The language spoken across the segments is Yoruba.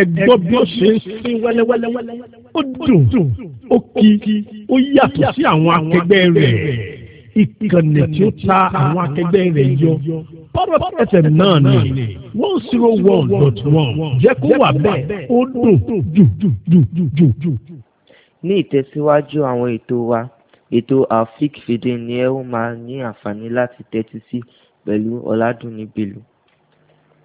ẹgbọ́ bí ó ṣe ń sín wẹ́lẹ́wẹ́lẹ́ ó dùn ó kí ó yàtọ̀ sí àwọn akẹgbẹ́ rẹ̀ ìkànnì tí ó ta àwọn akẹgbẹ́ rẹ̀ yọ pọ́rọ̀ náà ni one zero one dot one jẹ́ kó wà bẹ́ẹ̀ ó dùn jù ní ìtẹ̀síwájú àwọn ètò wa ètò afik fìdí ni ẹ ó máa ní àǹfààní láti tẹ́tí sí pẹ̀lú ọ̀làdúnni bèlú.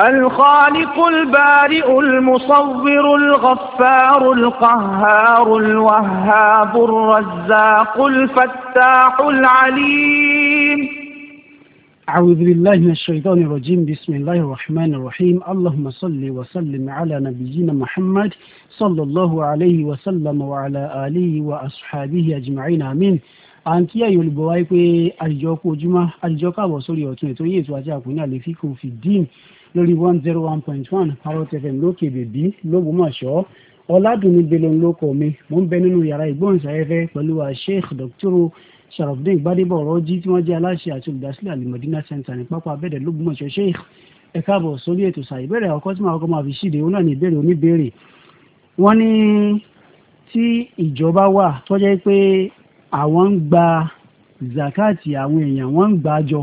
الخالق البارئ المصور الغفار القهار الوهاب الرزاق الفتاح العليم أعوذ بالله من الشيطان الرجيم بسم الله الرحمن الرحيم اللهم صل وسلم على نبينا محمد صلى الله عليه وسلم وعلى آله وأصحابه أجمعين آمين أنتي يا kí ẹ̀yin olùgbọ́ wáyé pé àlùjọ kú ojúmọ́ àlùjọ káàbọ̀ sórí ọ̀tún ètò lórí one zero one point one parrot fm lókè bèbí lógbómọ̀ṣọ́ ọ̀làdùnní belon lóko mi mò ń bẹ nínú yàrá ìgbóhùnsáfẹ́fẹ́ pẹ̀lú wa sheikh dr sharafdin gbadebo ọ̀rọ̀jì tí wọ́n jẹ́ aláṣẹ àti olùdásílẹ̀ alimọ̀dínà center ní pápá abẹ́dẹ̀ lógbómọ̀ṣọ́ sheikh ẹ káàbọ̀ sórí ètò sàì ìbéèrè àkọ́kọ́ tí màá kọ́ máa fi ṣíde òun náà ní ìbéèrè oníbéèrè wọ́n ní tí ìjọba wà tó pé àwọn ń gba zakati àwọn èèyàn wọ́n ń gbàjọ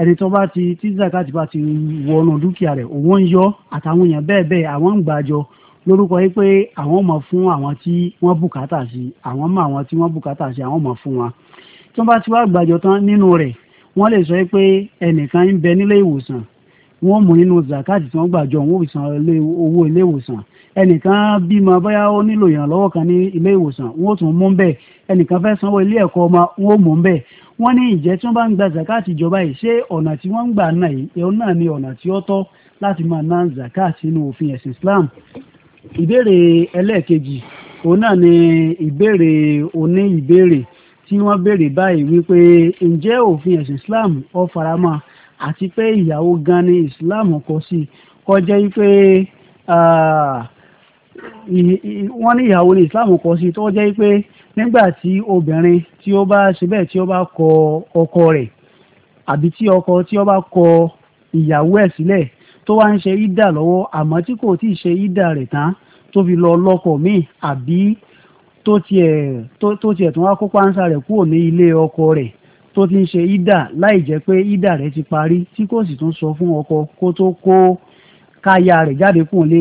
ẹni tó bá ti tí zakati bá ti wọnú dúkìá rẹ̀ òun ń yọ àtàwọn èèyàn bẹ́ẹ̀ bẹ́ẹ̀ àwọn ń gbàjọ lórúkọ yìí pé àwọn mọ̀ fún àwọn tí wọ́n bùkátà sí àwọn mọ̀ àwọn tí wọ́n bùkátà sí àwọn mọ̀ fún wa tó bá ti wá gbàjọ tán nínú rẹ̀ wọ́n lè sọ pé ẹnìkan ń bẹ nílé ìwòsàn wọ́n mú nínú zakati tí wọ́n gbà jọ wọ́n fi san owó ilé ìwòsàn ẹnìkan bímọ bóyá ó nílò ìrànlọ́wọ́ kan ní ilé ìwòsàn wọ́n tún mú bẹ́ẹ̀ ẹnìkan fẹ́ sanwó ilé ẹ̀kọ́ ọmọ wọ́n mú bẹ́ẹ̀ wọ́n ní ìjẹ́ tí wọ́n bá ń gba zakati ìjọba yìí ṣé ọ̀nà tí wọ́n ń gbà náà yìí ẹ̀hún ni ọ̀nà tí ó tọ́ láti máa ná zakati nínú òfin ẹ̀sìn Islam ìbéèrè ẹlẹ́ẹ̀kejì òun ni ìbéèrè òní ìbéèrè tí wọ́n béèrè báyìí wípé ǹjẹ́ òfin ẹ̀sìn Islam ó faramọ́ àti pé ìyàwó gan ni islam kọ sí kọjá pé wọ́n ní ìyàwó ni islam kọ sí tó jẹ́ pé nígbà tí obìnrin tí ó bá ṣe bẹ́ẹ̀ tí ó bá kọ ọkọ rẹ̀ àbí tí ọkọ tí ó bá kọ ìyàwó ẹ̀ sílẹ̀ tó wá ń ṣe ídà lọ́wọ́ àmọ́ tí kò tí ì ṣe ídà rẹ̀ tán tó fi lọ lọ́kọ míì àbí tó tiẹ̀ tó tiẹ̀ tó wá kó páńsá rẹ̀ kúrò ní ilé ọkọ rẹ̀ tó ti ń ṣe ídà láì jẹ́ pé ida rẹ̀ ti parí tí kò sì tún sọ fún ọkọ kó tó kó káyà rẹ̀ jáde kùn lé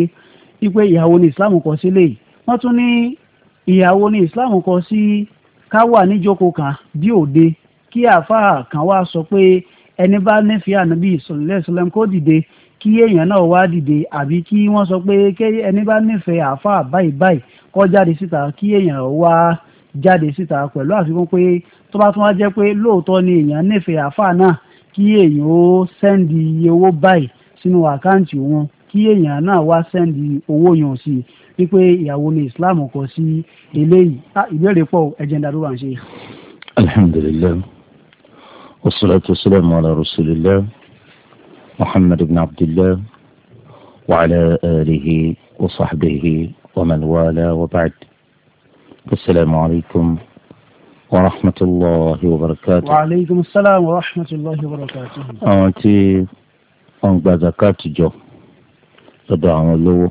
wípé ìyàwó ni islam kọ sílé yìí wọ́n tún ní ìyàwó ni islam kọ sí ká wà níjókòó kan bí òde kí àáfàá kan wá sọ pé ẹni bá nífẹ̀ẹ́ ànábì sọlẹ́sọlẹ́m kó dìde kí èèyàn náà wá dìde àbí kí wọ́n sọ pé ẹni bá nífẹ̀ẹ́ àáfàá báyìí báyìí kó jáde síta kí èèyàn wá jáde síta pẹ̀lú àfikún pé tó bá tún wá jẹ́ pé lóòótọ́ ni èèyàn nífẹ̀ẹ́ àáfàá náà kí èèyàn ó sẹ́ndì iye owó báyìí sínú àkáǹtì wọn kí èèyàn náà wá sẹ́ndì owó yàn sí i wípé ìyàwó ni islam kọ sí eléyìí ah, ìbéèrè pọ̀ ẹ̀jẹ̀ ń darúgbà ń ṣe. alhamdulilayi wasalaatu wasalaamu ala rasulillah muhammad ibn abdillah wa ala alihi wa sahbihi wa man wala wa ba'd asalaamu alaykum. ورحمة الله وبركاته وعليكم السلام ورحمة الله وبركاته àwọn tí wọ́n gba zakati jọ lọ́dọ̀ àwọn olówó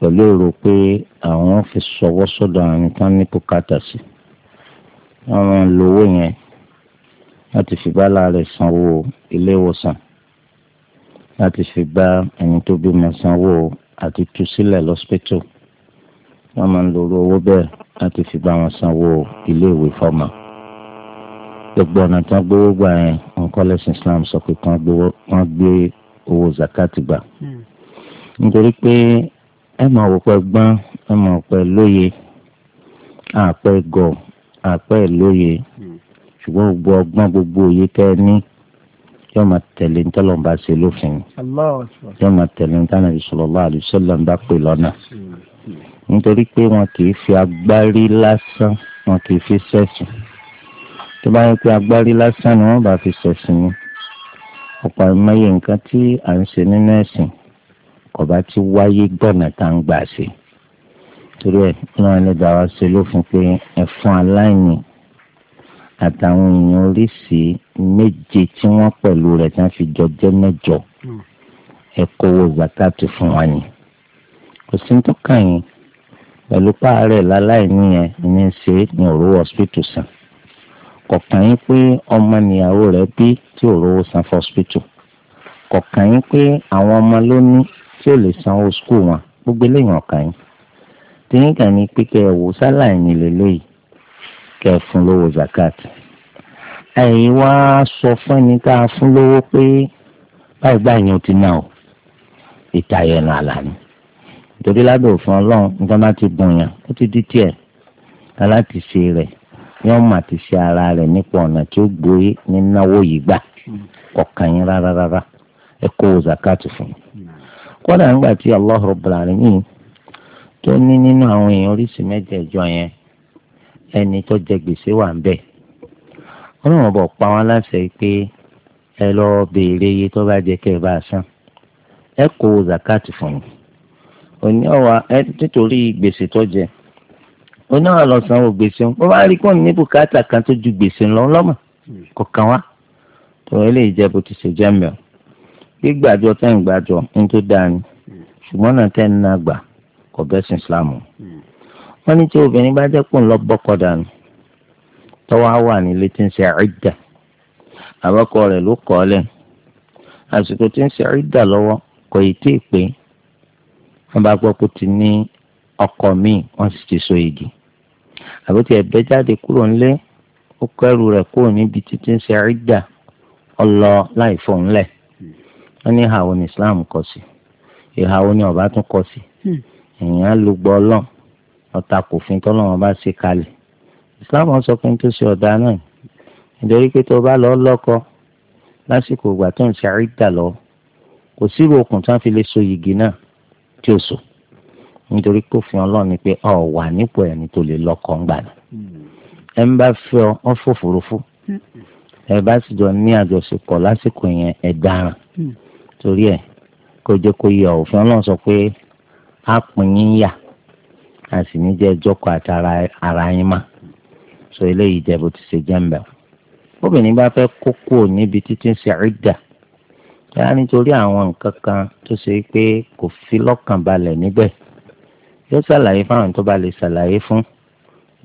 pẹ̀lú èrò pé àwọn fi ṣọwọ́ sọ́dọ̀ àwọn kan ní bùkátà sí àwọn lówó yẹn láti fi bá láàrẹ̀ sanwó ilé ìwòsàn láti fi bá ẹni tó bímọ sanwó àti tú sílẹ̀ lọ́sípítù wọ́n máa ń lo owó bẹ́ẹ̀ láti fi bá wọn sanwó iléèwé fọ́mọ. gbogbo ọ̀nà tí wọ́n gbowó gbà yẹn wọn kọ́ lẹ́sìn Islam sọ pé kí wọ́n gbé owó zakati gbà. Hmm. nítorí pé ẹ máa wò pé gbọ́n ẹ máa wò pé lóye àpẹ gọ̀ àpẹ lóye hmm. ṣùgbọ́n gbogbo ọgbọ́n gbogbo òye tẹ́ ẹ ní yóò máa tẹ̀lé ní tọ́lọ̀ bá ṣe lófin yóò máa tẹ̀lé ní tánàbí sallallahu alaihi wasallam ń bá pè lọ́nà. Hmm nítorí pé wọn kì í fi agbárí lásán wọn kì í fi ṣẹ̀sìn tó bá yẹ pé agbárí lásán ni wọ́n bá fi ṣẹ̀sìn ni ọ̀pọ̀ àìmọye nǹkan tí à ń ṣe nínú ẹ̀sìn kò bá ti wáyé gbọ̀nà tá à ń gbà ṣe torí ẹ̀ náà ẹni dá wa ṣe lófin pé ẹ̀fọn aláìní àtàwọn èèyàn oríṣi méje tí wọ́n pẹ̀lú rẹ̀ tí wọ́n fi jọ jẹ́ mẹ́jọ hmm. ẹ̀kọ́ wo gbàtà tó fún wa ni kò sí ní tó kàn yín pẹ̀lú paare láláìní yẹn ní ṣe ní òru hospital san kọ̀ọ̀kan yín pé ọmọ níyàwó rẹ̀ bí tí òru san for hospital kọ̀ọ̀kan yín pé àwọn ọmọ ló ní tí ò lè sanwó skul wọn gbogbo eléyìí ọ̀kan yín tìyín kàn ní pé kẹ ẹ wò sáláìní lélẹ́yìí kẹ ẹ fún lówó zakat ẹ̀yin wá sọ fún ẹni tá a fún lówó pé báyìí báyìí ni ó ti náà ìtayẹnu àlàní. torí lábẹ́ òfin ọlọ́run nǹkan bá ti bùn yàn ó ti di tiẹ̀ aláti ṣe rẹ̀ ní ọmọ àti ṣe ara rẹ̀ nípa ọ̀nà tí ó gbóyè ní náwó yìí gbà kọ̀ọ̀kan yín rárá rárá ẹ kó o zakatu fún un. kódà nígbà tí Allah Rabbul Alamin tó ní nínú àwọn èèyàn mẹ́jẹ̀ẹ̀jọ yẹn ẹni tó jẹ gbèsè wà ń bẹ̀. pa wọn láṣẹ pé ẹ lọ́ọ́ béèrè iye tó bá jẹ kẹ́ òní ọ̀wà ẹ gbèsè tó jẹ òní ọ̀wà lọ gbèsè ń bá ní bùkátà kan tó ju gbèsè lọ lọ́mọ kọ̀ọ̀kan wá tó eléyìí bó ti ṣe jẹ́ gbígbàjọ tẹ́ ń gbàjọ ń tó dáa ni ṣùgbọ́n náà tẹ́ ń na gbà lọ bọ́kọ dànù tọ́wọ́ wà nílé tí ń ṣe àbọ̀kọ rẹ̀ ló kọ́ àsìkò tí wọ́n bá gbọ́ pé ti ní ọkọ míì wọ́n sì ti so igi àbí tí ẹ̀bẹ́ jáde kúrò ńlé ó kẹ́rù rẹ̀ kúrò níbi títí ń ṣe àrídà ọlọ láì fòun lẹ̀ wọ́n ní ìhàwọ́ ní Islam kọ̀ sí ìhàwọ́ ní ọ̀bá tún kọ̀ sí èèyàn ló gbọ́ ọlọ́run ọ̀tá kò fin tọ́lọ́run bá ṣe kalẹ̀ Islam sọ pé tó ṣe ọ̀dà náà nítorí pé tó bá lọ lọ́kọ lásìkò ìgbà tó ń ṣe àrídà lọ kò síbò okùn tí wọ́n fi lè so yìgì náà tí o sọ nítorí pé òfin ọlọ́run ni pé ọ wà nípò ẹni tó lè lọ́kọ ń gbà ní. ẹ ń bá fẹ́ ọ ọ fòfurufú ẹ bá sì jọ ní àjọṣepọ̀ lásìkò yẹn ẹ dáràn torí ẹ kó jẹ́ kó yẹ òfin ọlọ́run sọ pé a pín yín yà a sì ní jẹ́ ìjọkọ̀ àti ara yín mà sọ eléyìí jẹ́ bó ti ṣe jẹ́ ń bẹ̀. obìnrin bá fẹ́ kókó níbi títí ń ṣe àrídà báyà nítorí àwọn nǹkan kan tó ṣe pé kò fi lọ́kàn balẹ̀ níbẹ̀ yóò ṣàlàyé fáwọn tó bá lè ṣàlàyé fún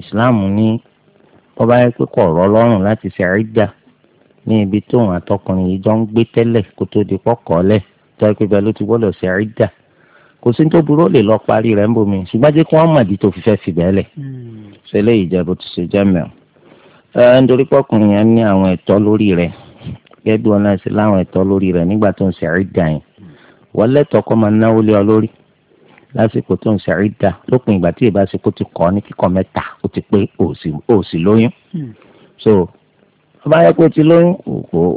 Islam ní wọ́n bá yẹ pé kọ̀ ọ̀rọ̀ lọ́rùn láti ṣe àríjà ní ibi tóun àtọkùnrin yìí jọ ń gbé tẹ́lẹ̀ kó tó di pọ́kọ́lẹ̀ tó yẹ pé bẹ́ẹ̀ ló ti gbọ́dọ̀ ṣe àríjà kò sí tó burú ó lè lọ parí rẹ̀ ń bomi ṣùgbọ́n jẹ́ kí wọ́n mọ̀dí tó fi fẹ́ fi bẹ́ẹ̀ lẹ̀ hmm. ṣe bó ti ṣe jẹ́ mẹ́ọ̀ nítorí pọ́kùnrin yẹn ní àwọn ẹ̀tọ́ lórí rẹ̀ gẹ́gẹ́ bí wọn náà ṣe láwọn ẹ̀tọ́ lórí rẹ̀ nígbà tó ń ṣe àrídà yẹn wọ́n lẹ́tọ̀ọ́ kọ́ máa náwó lé ọ lórí lásìkò tó ń ṣe àrídà lópin ìgbà tí ìbá ti kọ́ ní kíkọ́ mẹ́ta ó ti pé ó sì lóyún hmm. so wọ́n bá yẹ kó ti lóyún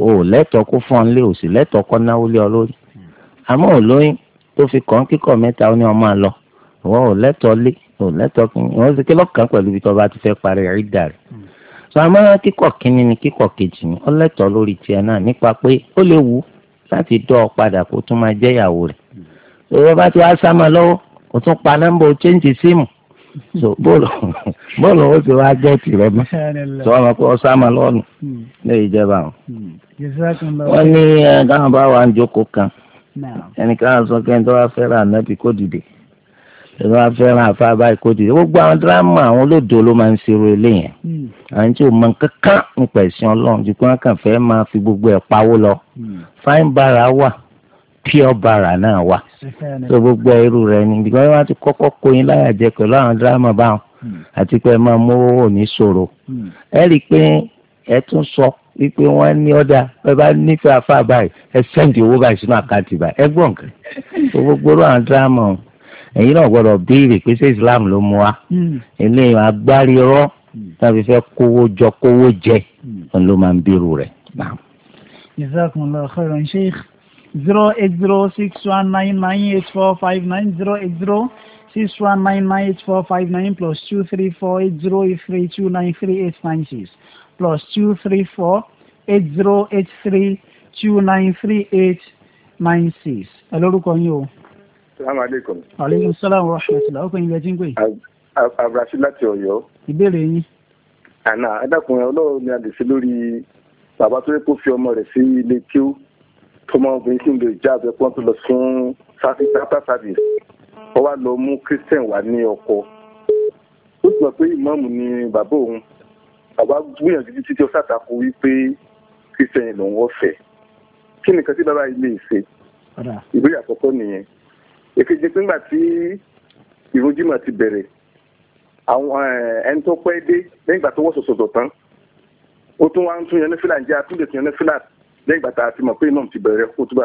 ò lẹ́tọ̀ọ́ kó fọ́n lé ò sì lẹ́tọ̀ọ́ kọ́ náwó lé ọ lórí àmọ́ ò lóyún tó fi kọ́ kíkọ́ mẹ́ta ó ní ọmọ àlọ́ wọ́n ò lẹ́tọ̀ọ́ lé ò lẹ́tọ̀ọ́ kí wọ́n ṣe kí lọ́kàn pẹ̀lú ibi tó bá ti fẹ́ parí àrídà rẹ̀ sàmọ́ kíkọ̀ kínní ni kíkọ̀ kejì ni ọlẹ́tọ̀ lórí tiẹ̀ náà nípa pé ó lè wù láti dọ́ ọ padà kó tún máa jẹ́ ìyàwó rẹ̀ ìwọ bá ti wá sámọ lọ́wọ́ kó tún pa nọ́mbà chẹ́ǹtì síìmù so bọ́ọ̀lù bọ́ọ̀lù ó ti wá jẹ́ tìrẹ mọ́ tí wọ́n kó sámọ lọ́nù ní ìjẹba wọn. ní kan sọ kẹ́ńtọ́ ànábì ìlú afẹ́ràn àfa báyìí kò dìde gbogbo àwọn dírámà àwọn olódò ló máa ń ṣerú eléyẹn hmm. àwọn tí ò mọ kankan nípa ẹ̀sìn ọlọ́run ju pé wọ́n kàn fẹ́ máa fi gbogbo ẹ̀ pawó lọ hmm. fáìn bàrà wà pure bàrà náà wà tó gbogbo irú rẹ ni bí wọ́n ti kọ́kọ́ kó yín láyà jẹ pẹ̀lú àwọn dírámà báwọn hmm. àti pé ẹ máa mówó ní ṣòro ẹ rí i pé ẹ tún sọ wípé wọ́n ní ọ̀dà ẹ bá nífẹ̀ẹ́ afá báyìí ẹ sẹ́ǹdì owó báyìí sínú àkáǹtì báyìí ẹ gbọ̀ǹkan gbogbo àwọn dírámà ọ̀hún ẹ̀yin náà gbọ́dọ̀ béèrè pé ṣé islam ló mú wa hmm. eléyìí agbárí rọ hmm. tàbí fẹ́ kówó jọ kówó jẹ hmm. òun ló máa ń bírù rẹ̀. jazakumullahu khairan sheikh zero eight zero six one nine nine eight four five nine zero eight zero six one nine nine eight four five nine plus two three four eight zero eight three two nine three eight nine six plus two three four eight zero eight three two nine three eight nine six. ẹ lórúkọ yín o salaam aleykum. aleykum salaam wa rahmatulah ọkọ ìlẹ̀ tí ń pè. abdulrasheed láti Ọ̀yọ́. ìbéèrè yín. àná adákùnrin ọlọ́run ni a lè ṣe lórí bàbá tó yẹ kó fi ọmọ rẹ̀ sí ilé kí ó tó mọ obìnrin sí ìlú ìjà àbẹ̀ pọ́n tó lọ fún sáfíìsì service ó wá lọ mú christian wá ní ọkọ ó sọ pé ìmọ̀ọ́mù ni bàbá òun bàbá gbìyànjú títí tí ó ṣàtàkù wípé christian lòun ọ̀fẹ́ kí nìkan tí bàbá yìí lè ṣe ìbéèrè àkọ́kọ́ nìyẹn èkejì pé ńgbà tí ìrújímọ̀ ti bẹ̀rẹ̀ àwọn ẹni tó pẹ́ dé lẹ́yìn ìgbà tó wọ́ sòsòdò tán ó tún wá ń tún yan ní fílà ǹjẹ́ àtúndè tún yan ní fílà lẹ́yìn ìgbà tá a ti mọ̀ pé imáàmù ti bẹ̀rẹ̀ kútúbà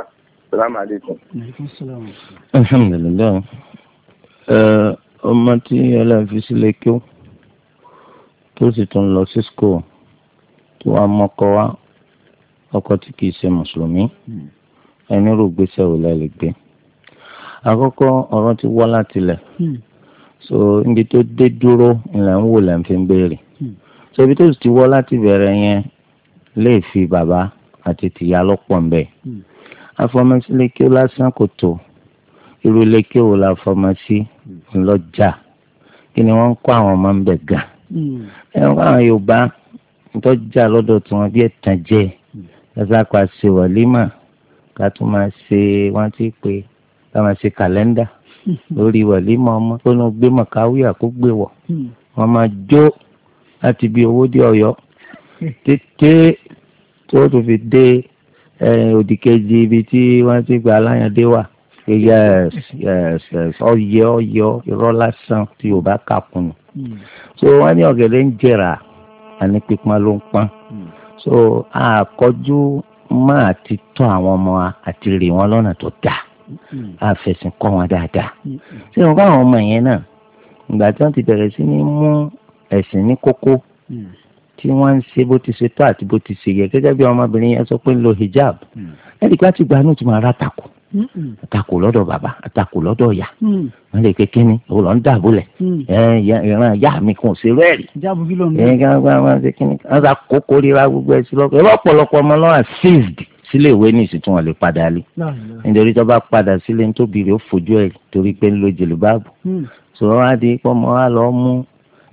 sàlámù aleykum. alhamdulilayi ọmọ tí ọlọ́run fi sílẹ̀ kí ó tó sì tún lọ sí school tó wá mọ́kọ wá ọkọ tí kì í ṣe mùsùlùmí ẹni rògbèsè ò lẹ́lẹ́gbẹ́ àkọ́kọ́ ọ̀rọ̀ ti wá látilẹ̀ hmm. so níbi tó dé dúró ńlẹ̀ ń wò lẹ̀ ń fi ń béèrè hmm. so ibi tó sì ti wọ́ láti bẹ̀rẹ̀ yẹn lè fi bàbá àti tìyá lọ́pọ̀ ń bẹ̀ hmm. afọmọsílékè lásán kò tó irú lékè wò la fọmọsí ńlọjà kí ni wọ́n ń kó àwọn ọmọ ń bẹ̀ gan ẹ̀rọ àwọn Yorùbá ńtọ́jà lọ́dọ̀ tí wọ́n bí ẹ̀tàn jẹ́ ẹ̀ lọ́sàkó àṣewọ̀límà ká tún máa ṣe wọ́n ti pè é táwọn ṣe kàlẹ́ndà lórí hmm. wàlímà ọmọ tó ló gbé màkàwíà kó gbé wọ̀ hmm. wọ́n máa jó láti bí owó dé ọ̀yọ́ tètè tó tó fi dé òdìkejì ibi tí wọ́n ti gba aláyàndé wà yes yes yes ọyẹ ọyẹ irọ́ lásán tí o bá kàkùn hmm. so wọ́n ní ọ̀gẹ̀dẹ̀ ń jẹrà àní pípọn ló ń pọn so àkọjú máa ti tọ́ àwọn ọmọ àti rè wọ́n lọ́nà tó dáa àfẹ̀sìn kọ́ wọn dáadáa ṣé wọn káwọn ọmọ yẹn náà ìgbà tí wọ́n ti bẹ̀rẹ̀ sí ní mú ẹ̀sìn ní kókó tí wọ́n ń ṣe bó ti ṣe tó àti bó ti ṣe yẹ gẹ́gẹ́ bí ọmọbìnrin yẹn sọ pé ń lo hijab ẹnìkan ti gba inú tí mo ara tako àtakò lọ́dọ̀ bàbá àtakò lọ́dọ̀ ìyá wọ́n lè kékeré ní òun lọ́n dàbò lẹ̀ ìran ìyá mi kò ṣe rẹ́ẹ̀rì ẹ̀ẹ́dẹ́gbẹ́ wọn ṣe kíni wọ́n ṣe àkókò ríra gbogbo ẹ̀sìn lọ́kọ̀ ẹ̀rọ ọ̀pọ̀lọpọ̀ ọmọ lọ́wọ́ seized sílé ìwé ní ìsìtún wọn lè padà lé nítorí tó bá padà sílé ní tóbi rẹ̀ ó fojú ẹ̀ torí pé ń lo jèlè báàbò tó hmm. wọn á di pọ́nmọ́ wa lọ mú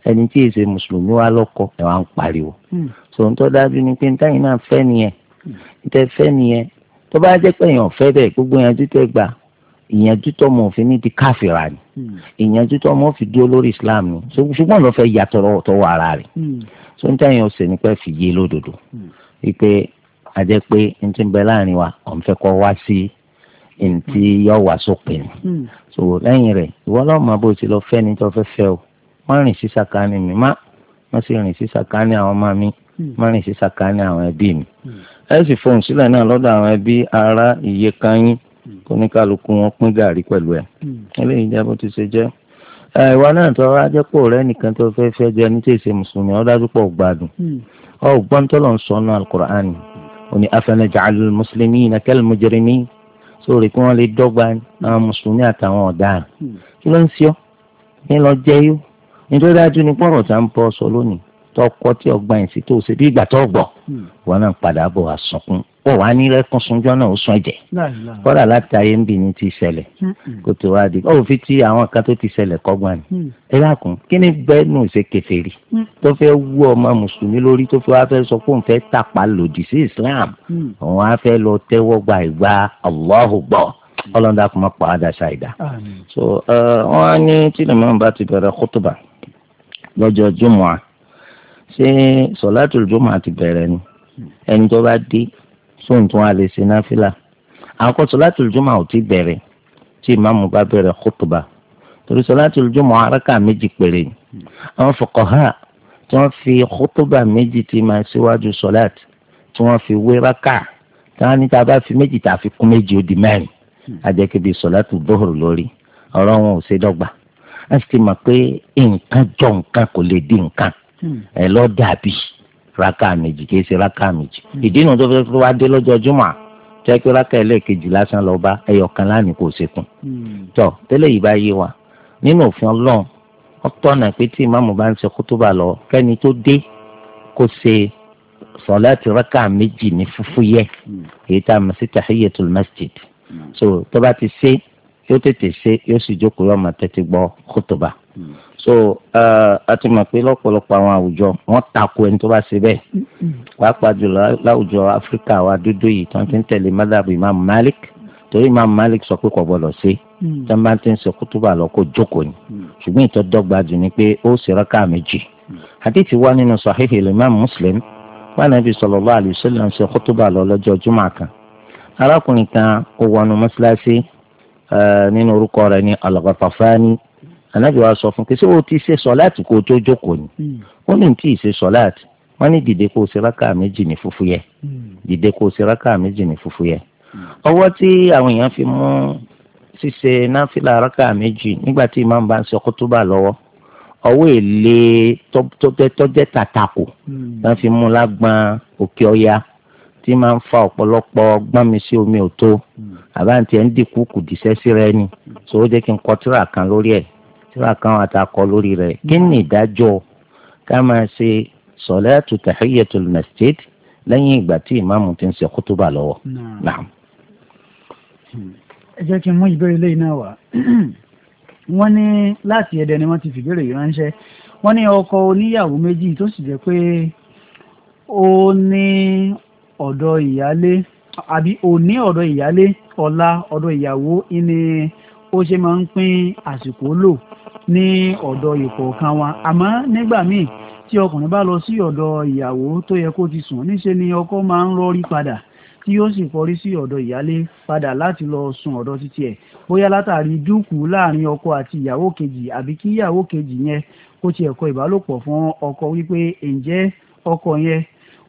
ẹni tí èsè mùsùlùmí wa lọ́kọ ẹ̀ wá ń pariwo hmm. tó ń tọ́ dájú ni pé ntáyìn náà fẹ́ nìyẹn hmm. ntẹ fẹ́ nìyẹn tó bá jẹ́ pé èèyàn fẹ́ bẹ́ẹ̀ gbogbo èèyàn títẹ̀ gbà ìyànjú tó mọ̀ òfin ní di káfíra ni ìyànjú tó mọ̀ fi dúró lórí Islam ni ṣùgbọ́n lọ́ọ́ fẹ́ yàtọ̀ tọwọ́ ara rẹ̀ tó ń tẹ̀yìn ọ̀sẹ̀ nípa fi yé lódodo wípé a jẹ́ pé n ti bẹ láàrin wa òun fẹ́ kọ́ wá sí ntí yóò wá sópin hmm. so lẹ́yìn rẹ̀ ìwọ lọ́wọ́ máa bó ti lọ fẹ́ ni tó fẹ́ fẹ́ o má rìn sí sàkání mi má má sì rìn sí sàkání àwọn ọmọ mi hmm. má rìn sí sàkání àwọn ẹbí mi hmm. ẹ sì fohùn sílẹ̀ náà lọ́dọ̀ àwọn ẹbí ará iye kan yín kó ní kálukú wọn pín gàrí pẹ̀lú ẹ̀ eléyìí jẹ́ bó ti ṣe jẹ́ ìwà náà tó wá jẹ́ pò rẹ́ nìkan tó fẹ́ fẹ́ jẹ́ ní tèsè mùsùlùmí ó pọ̀ gbádùn ọ̀gbọ́n tó lọ sọ ọ́nà alukur'ani òní afanaj'alul muslimina kal mujrimin sórí kí wọ́n lè dọ́gba àwọn mùsùlùmí àtàwọn ọ̀daràn hmm. kí ló ń ṣe ọ́ kí ló yó nítorí dájú ni pọ̀rọ̀ tá ń bọ́ sọ lónìí tọkọ tí ọgbà yìí sí tó ṣe bí ìgbà tó gbọ́ hmm. wọn náà padà bọ̀ wá sunkún ó wà ní rẹ́kùn sunjọ́ náà ó sun ẹ̀jẹ̀ kọ́dà láti ayé ń bì ní ti ṣẹlẹ̀ hmm. kó tó wá di ó fi ti àwọn kan tó ti ṣẹlẹ̀ kọ́gbọ́n ni hmm. ẹ dákun kí ni bẹ́ẹ̀nù ṣe kèfèrí tó fẹ́ wú ọmọ mùsùlùmí lórí tó fẹ́ wá fẹ́ sọ pé òun fẹ́ tàpá lòdì sí Islam òun á fẹ́ lọ tẹ́wọ́ gba ìgbà Allahu gbọ́ ọlọ́dà kò má pa á dá ṣáìdá. so wọ́n á ní tí lèmọ́n bá ti bẹ̀rẹ̀ kútùbà lọ́jọ́ jùmọ̀ ṣé sọ̀látùl jùmọ̀ ti bẹ̀rẹ̀ ni ẹni tó bá dé sóhun tó wà lè ṣe náfìlà àkọ́ sọ̀látùl jùmọ̀ ò ti bẹ̀rẹ̀ tí ìmáàmù bá bẹ̀rẹ̀ kútùbà torí sọ̀látùl jùmọ̀ arákà méjì péré àwọn fuqaha tí wọ́n fi kútùbà méjì ti máa síwájú sọ̀látù tí wọ́n fi wé rákà tí wọ́n ní tá a bá fi méjì tá a fi kún méjì ó di mẹ́rin àjẹkẹ́bi sọ̀látù dóhùrù lórí ọ̀rọ̀ wọn ò ṣe dọ́gba ẹ lọ dàbí raka méjì kì í ṣe raka méjì hmm. ìdí nu tó fẹ́ kó wá dé lọ́jọ́ júmọ̀ jẹ́ pé raka ẹlẹ́ẹ̀kejì lásán lọ bá ẹyọkan lánìí kò ṣe kún hmm. tọ́ tẹ́lẹ̀ yìí bá yé wa nínú òfin ọlọ́run ó tọ́nà pé tí ìmáàmù bá ń ṣe kútúbà lọ kẹ́ni tó dé kó ṣe sọ̀láàtì raka méjì ní fúfú yẹ hmm. èyí tá a mọ̀ sí tahiyatul masjid so tó bá ti ṣe yóò tètè ṣe yóò sì jókòó yóò máa tẹ́tí gbọ́ kútúbà so uh, a ti mọ̀ pé lọ́pọ̀lọpọ̀ àwọn àwùjọ wọ́n tako ẹni tó bá ṣe bẹ́ẹ̀ pàápàá jùlọ láwùjọ áfíríkà wa dúdú yìí tó ń ti ń tẹ̀lé mádàbí imam malik torí imam malik sọ pé kò gbọdọ̀ ṣe hmm. tí wọ́n bá ti ń sọ kútùbà lọ kó jókòó ni hmm. ṣùgbọ́n ìtọ́dọ́gba jù ni pé ó sì rákà méjì àdìtì hmm. wá nínú sahih imam muslim wọn nàbí sallallahu alaihi wasallam ṣe kútùbà lọ lọ́jọ́ jùmọ̀ kan arákùnrin kan ó wọnú mọ́ṣáláṣí uh, nínú orúkọ rẹ̀ ní al ànábì wa sọ fún pé ṣé o ti ṣe sọláàtì kó o tó jókòó ni hmm. ó ní tí ì ṣe sọláàtì wọn ní dìde kó o ṣe rákà méjì ní fúfú yẹ hmm. dìde kó o ṣe rákà méjì ní fúfú yẹ hmm. ọwọ́ tí àwọn èèyàn fi mú ṣíṣe náfìlà rákà méjì nígbà tí ìmáàmù bá ń ṣe kútúbà lọ́wọ́ ọwọ́ èlé tọ́jẹ́ tàtàkù náà fi mú lágbọ́n òkè ọya tí máa ń fa ọ̀pọ̀lọpọ̀ gbọ́nmi omi òtó àbáǹtí ẹ̀ ń dínkù kù sí rẹ ni sọ ó jẹ́ kí n kọ tírà kan lórí ẹ̀ síra kan àtàkọ lórí rẹ̀ kí ni ìdájọ́ ká máa ṣe sọ̀látù tahiyyatul masjid lẹ́yìn ìgbà tí ìmáàmù ti ń ṣe kútúbà lọ́wọ́. ẹ jẹ́ kí n mú ìbéèrè lẹ́yìn náà wá wọ́n ní láti ẹ̀dẹ̀ ni wọ́n ti fìbéèrè yìí ránṣẹ́ wọ́n ní ọkọ oníyàwó méjì tó sì jẹ́ pé ó ní ọ̀dọ̀ ìyálé àbí òní ọ̀dọ̀ ìyálé ọ̀la ọ̀dọ̀ ìyàwó ni ó ṣe máa ń pín àsìkò lò ní ọ̀dọ̀ ìkọ̀ọ̀kan wa àmọ́ nígbà míì tí ọkùnrin bá lọ sí ọ̀dọ̀ ìyàwó tó yẹ kó ti sùn níṣe ni ọkọ máa ń rọrí padà tí yóò sì kọrí sí ọ̀dọ̀ ìyálé padà láti lọ sùn ọ̀dọ̀ títí ẹ̀ bóyá látàrí dúkù láàrin ọkọ àti ìyàwó kejì àbí kí ìyàwó kejì yẹn kó tiẹ̀ kọ ìbálòpọ̀ fún ọkọ wípé ǹjẹ́ ọkọ yẹn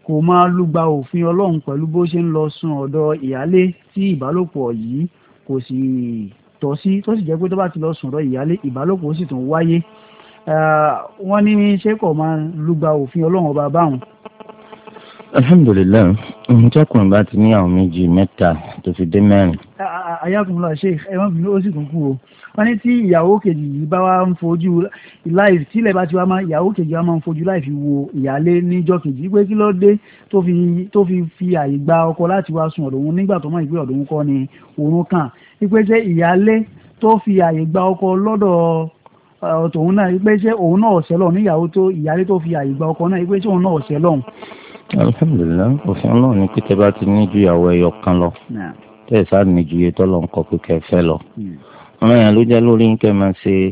kò máa lùgbà òfin ọlọ́run pẹ̀lú bó ṣe ń lọ sùn ọ̀dọ̀ ìyálé tí ìbálòpọ̀ yìí kò sì tọ̀ sí tó sì jẹ́ pé tó bá ti lọ sùn lọ ìyálé ìbálòpọ̀ ó sì tún wáyé wọ́n ní ṣé kò máa lùgbà òfin ọlọ́run ọba báwọn. alhamdulilayi ohun tẹkùn bá ti ní àwọn méjì mẹ́ta tó fi dé mẹ́rin. ayakunla sheikh ẹ wọn fi ó sì tún kú o wọ́n ní tí ìyàwó kejì yìí bá wá ń fojú láì sílẹ̀ bá ti wá máa ìyàwó kejì wá máa ń fojú láì wo ìyáálé níjọ́ kejì pé kí ló dé tó fi fi àyè gba ọkọ láti wá sùn ọ̀dọ̀ òun nígbà tó mọ̀ ìpè ọ̀dọ̀ òun kọ́ ni òun kàn wípé ṣé ìyáálé tó fi àyè gba ọkọ lọ́dọ̀ tòun náà wípé ṣé òun náà ọ̀sẹ̀ lọ́hùn níyàwó tó ìyáálé tó fi àyè gba ọkọ náà wípé òun náà ọ̀sẹ̀ lọ́hùn. alhamdulilayi òfin náà ni pété bá ti ní ju ìyàwó ẹyọ kan lọ tẹ́ẹ̀ sáà ní ju iye tọ́lọ́ nǹkan pé kẹ́ fẹ́ lọ. ọmọ yẹn ló jẹ́ lórí kẹ́ máa ṣe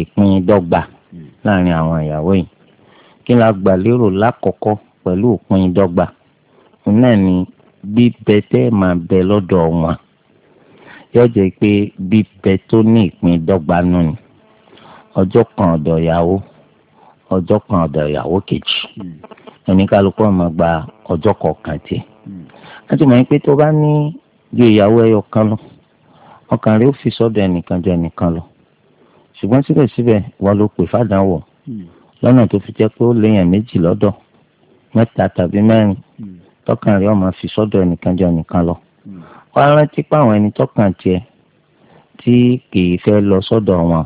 ìpín dọ́gba láàrin àwọn ìyàwó yìí kí la gbà lérò lákọ̀ọ́kọ́ pẹ̀lú òpin dọ́gba náà ni bíbẹ tẹ́ máa bẹ lọ́dọ̀ wọn yóò jẹ́ pé bíbẹ tó ní ìpín dọ́gba nù ni ọjọ́ kan ọ̀dọ̀ ìyàwó ọjọ́ kan ọ̀dọ̀ ìyàwó kejì oníkálukú ọmọ gba ọjọ́ kọ̀ọ̀kan tiẹ̀ láti mọ̀ pé tó bá ní ju ìyàwó ẹyọ kan lọ ọkàn rẹ ó fi sọ́dọ̀ ẹnìkan ju ẹnìkan lọ ṣùgbọ́n síbẹ̀síbẹ̀ wà ló pè fàdánwò lọ́nà tó fi jẹ́ pé ó léèyàn méjì lọ́dọ̀ mẹ́ta tàbí mẹ́rin tọkàn rẹ ọmọ fi sọ́dọ̀ ẹnìkan ju ẹnìkan lọ wọ́n á rántí pé àwọn ẹni tọ́kàn tiẹ̀ tí kìí fẹ́ lọ sọ́dọ̀ wọn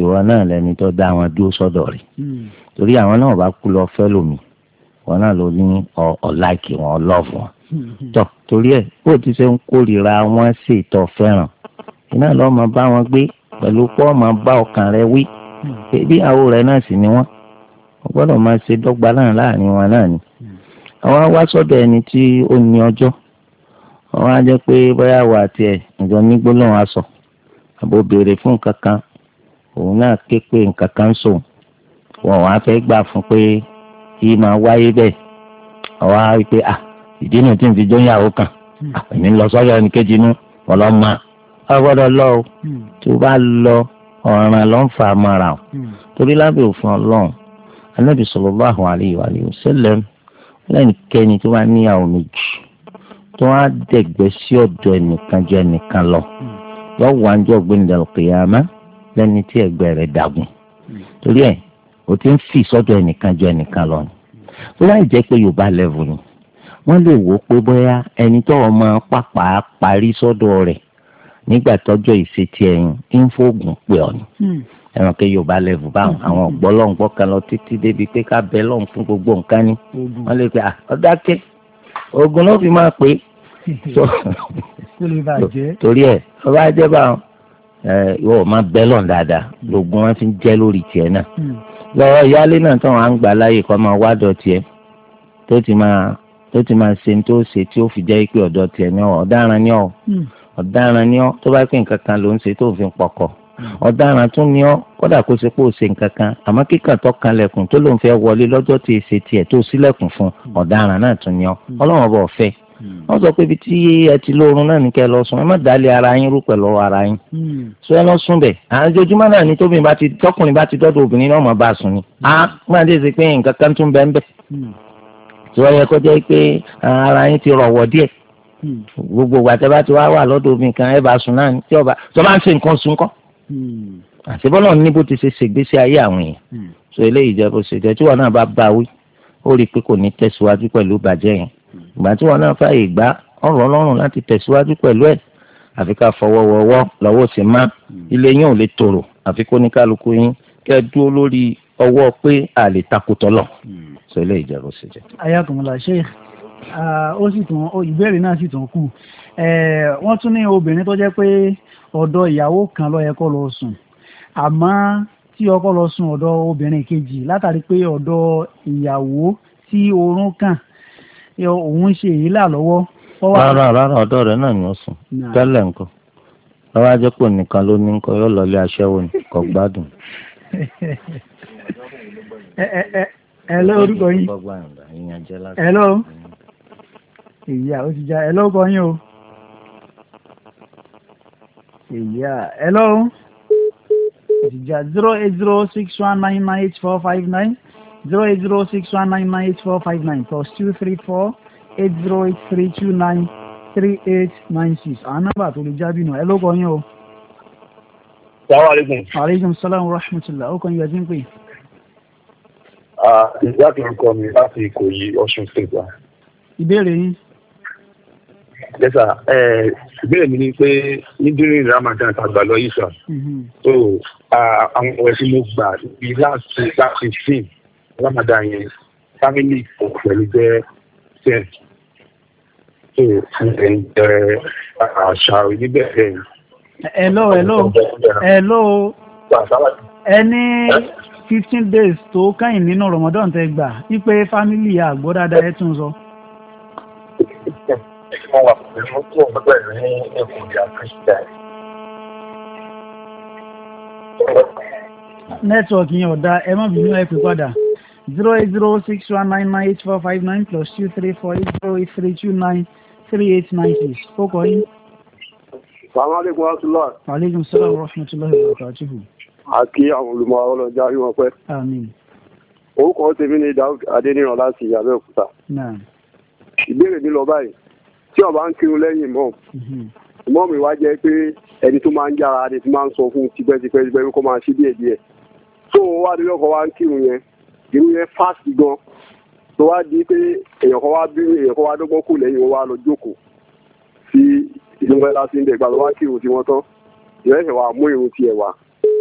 ìwọ náà lẹni tó dá wọn dúró sọ́dọ̀ rẹ̀ hmm. torí àwọn náà bá kú lọ fẹ́ lómi wọn náà ló ní ọ̀láìkì wọn ọlọ́ọ̀fù wọn hmm. tọ torí ẹ bó ti ṣe ń kórìíra wọn sì tọ fẹ́ràn iná lọ́ọ́ máa bá wọn gbé pẹ̀lú pọ́ máa bá ọkàn rẹ wí hmm. bí àwo rẹ náà sì ni wọn wọn gbọ́dọ̀ máa ṣe dọ́gba láàrin láàrin wọn náà ni àwọn wá sọ́dọ̀ ẹni tí ó ní ọjọ́ wọ́n á jẹ́ pé bóyá wà á tiẹ̀ ǹjọ́ ní gbólóhùn aṣọ àbò béèrè fún nǹkan kan òun náà ké pé nǹkan kan ń sò wọ́n wá fẹ́ gbà fún pé kí máa wáyé bẹ́ẹ̀ ọ̀wá rí i pé à ìdí nù tí n fi jó ìyàwó kan èmi ń lọ sọ́yọ́ ẹni kejì inú ọlọ́mọ ọgbọ́dọ̀ lọ o tó bá lọ ọ̀ràn ló ń fa amára o torí lábẹ́ òfin ọlọ́run anábì sallallahu alaihi wa sallam lẹ́nikẹ́ni tó bá níyàwó méjì tó á dẹ̀gbẹ́ sí ọ̀dọ̀ ẹnìkan ju ẹnìkan lọ yọ wà ń jọ gbẹ̀ndẹ̀ òkèèyàmá lẹ́ni tí ẹ̀gbẹ́ rẹ̀ dàgùn torí ẹ̀ o ti ń fi sọ́dọ̀ ẹnìkan ju ẹnìkan lọ ni tó láì jẹ́ pé yorùbá lẹ́vù ni wọ́n lè wò ó pé bóyá ẹni tó ọmọ pàpà parí sọ́dọ̀ rẹ̀ nígbà tọ́jọ́ ìṣètì ẹ̀yìn ń fóògùn pè ọ́ ni hmm. ẹran kẹ yorùbá lẹ́vù báwọn hmm. àwọn ọ̀gbọ́ lọ́ngbọ́ kan lọ títí débi pé ká bẹ́ lọ́n fún gbogbo nǹkan ni wọ́n lè pe ọ̀dákẹ́ oògùn ló fi máa pè é torí ẹ ọba jẹ báwọn ìwọ ma máa bẹ́ dáadáa hmm. lóògùn wọn ti ń jẹ́ lórí náà hmm. lọ́wọ́ ìyáálé náà tán ń gbà láàyè kó máa wá tó ti máa tó ti ṣe tó ṣe tí ó fi jẹ́ pé ni ọ̀daràn ni hmm. ọ̀daràn ni tó bá pè nǹkan kan ló ń ṣe tó fi ń ọ̀daràn tún ni kódà kó ṣe pé ó ṣe tí ì ṣe tiẹ̀ tó sílẹ̀kùn fún ọ̀daràn ni ọ wọ́n sọ pé ibi tí ẹ ti lóorun náà ní kẹ́ lọ sùn ẹ má dálé ara yín rú pẹ̀lú ara yín sọ ẹ lọ sùn bẹ̀ àwọn ojoojúmọ́ náà ni tóbìnrin bá ti tọkùnrin bá ti dọ́dọ̀ obìnrin náà mọ̀ bá a sùn ni á máa dé sí pé nǹkan kan tún bẹ́ẹ̀ bẹ́ẹ̀ tí wọ́n yẹ kó jẹ́ pé ara yín ti rọ̀wọ́ díẹ̀ gbogbo ìgbà tẹ́ bá ti wá wà lọ́dọ̀ obìnrin kan ẹ bá sùn náà ni tí ọba tó bá ń ṣe nǹkan sùn kọ́ àtibọ́lọ̀ bó ti ṣe ṣègbésí ayé àwọn èèyàn so eléyìí jẹ́ bó ṣe jẹ́ tí wọn náà bá bá wí ó rí i pé kò ní tẹ̀síwájú pẹ̀lú ìbàjẹ́ yẹn ìgbà tí wọn náà fààyè gbá ọ̀rọ̀ Ọlọ́run láti tẹ̀síwájú pẹ̀lú ẹ̀ àfi ká fọwọ́ wọwọ́ lọ́wọ́ sí má ilé yín ò lè tòrò àfi kó ní kálukú yín kẹ́ ẹ dúró lórí ọwọ́ pé a lè takòtọ́ lọ. Hmm. sọ ilé ìjẹun sì jẹ. ayakunla sheikh ó sì tún ìbéèrè náà sì tún kù wọ́n tún ní obìnrin tó jẹ́ pé ọ̀dọ̀ ìyàwó kan ló yẹ kó lọ sùn àmọ́ tí ọkọ lọ sùn ọ̀dọ̀ obìnrin kejì látàrí pé ọ̀dọ̀ ìyàwó tí oorun kàn òun ṣe èyí là lọ́wọ́. rárá rárá ọ̀dọ̀ rẹ̀ náà ni ó sùn tẹ́lẹ̀ nǹkan lọ́wọ́ ajẹ́pọ̀ nìkan ló ní nǹkan yóò lọlé aṣẹ́wó ni kò gbádùn. Eh, eh, eh, hello orúkọ yín hello ìyá ó ti já hello orúkọ yín o ìyá hello ó ti já zero eight zero six one nine nine eight four five nine zero eight zero six one nine nine eight four five nine plus two three four eight zero eight three two nine three eight nine six àwọn nọ́mbà tó lè jábí nù ẹ ló kọ yín o. salaam aleykum. aleykum salaam wa rahmatulah ó kàn yín ẹtí ń pè. ìyáàtì orúkọ mi láti Ìkòyí Ọ̀ṣun state wa. ìbéèrè yín. lẹ́sà ìbéèrè mi ni pé ní during Ramadan àgbà lọ yìí mm-hmm. so àwọn ọ̀rẹ́ tí mo gbà bíi last last fifteen Ramadan yẹn family pẹ̀lú jẹ́ ten so ẹ̀ ń jẹ àṣà oníbẹ̀ ẹ̀. hello hello hello ẹni fifteen days tó kẹ́yìn nínú Ramadan tẹ gbà wípé family àgbọ̀ dáadáa ẹ̀ tún sọ. wọ́n wà pẹ̀lú tó ń bẹ̀rẹ̀ ní ẹ̀kọ́ yẹn ọ̀dà ẹ má bínú ẹ pè padà zero zero six one nine nine eight four five nine plus two three four eight zero eight three two nine three eight nine six ó kọ yín. salaamaleykum rahmatulah. maaleykum salaam wa rahmatulah wa barakatuhu. a kí àwọn olùmọ̀ ọlọ́jà yìí wọ́n pẹ́. àmín. orúkọ tèmi ni Daoud Adéníran láti Abẹ́òkúta. ìbéèrè mi lọ báyìí tí ọba ń kírun lẹ́yìn mọ́ mọ́ mhm. mi wá jẹ́ pé ẹni tó máa ń jára ni tó máa ń sọ fún tipẹ́tipẹ́ pé kó máa ṣe díẹ̀díẹ̀ tó wá dé lọ́kọ̀ wá ń kírun yẹn irú yẹn fast gan tó wá di pé èèyàn kan wá bí èèyàn kan wá dọ́gbọ́n kù lẹ́yìn wọn wá lọ jókòó sí ìdúgbẹ́ láti ń dẹ̀gbà lọ́wọ́ kí irun tiwọn tán ìrẹ́ ẹ̀wà mú irun tiẹ̀ wá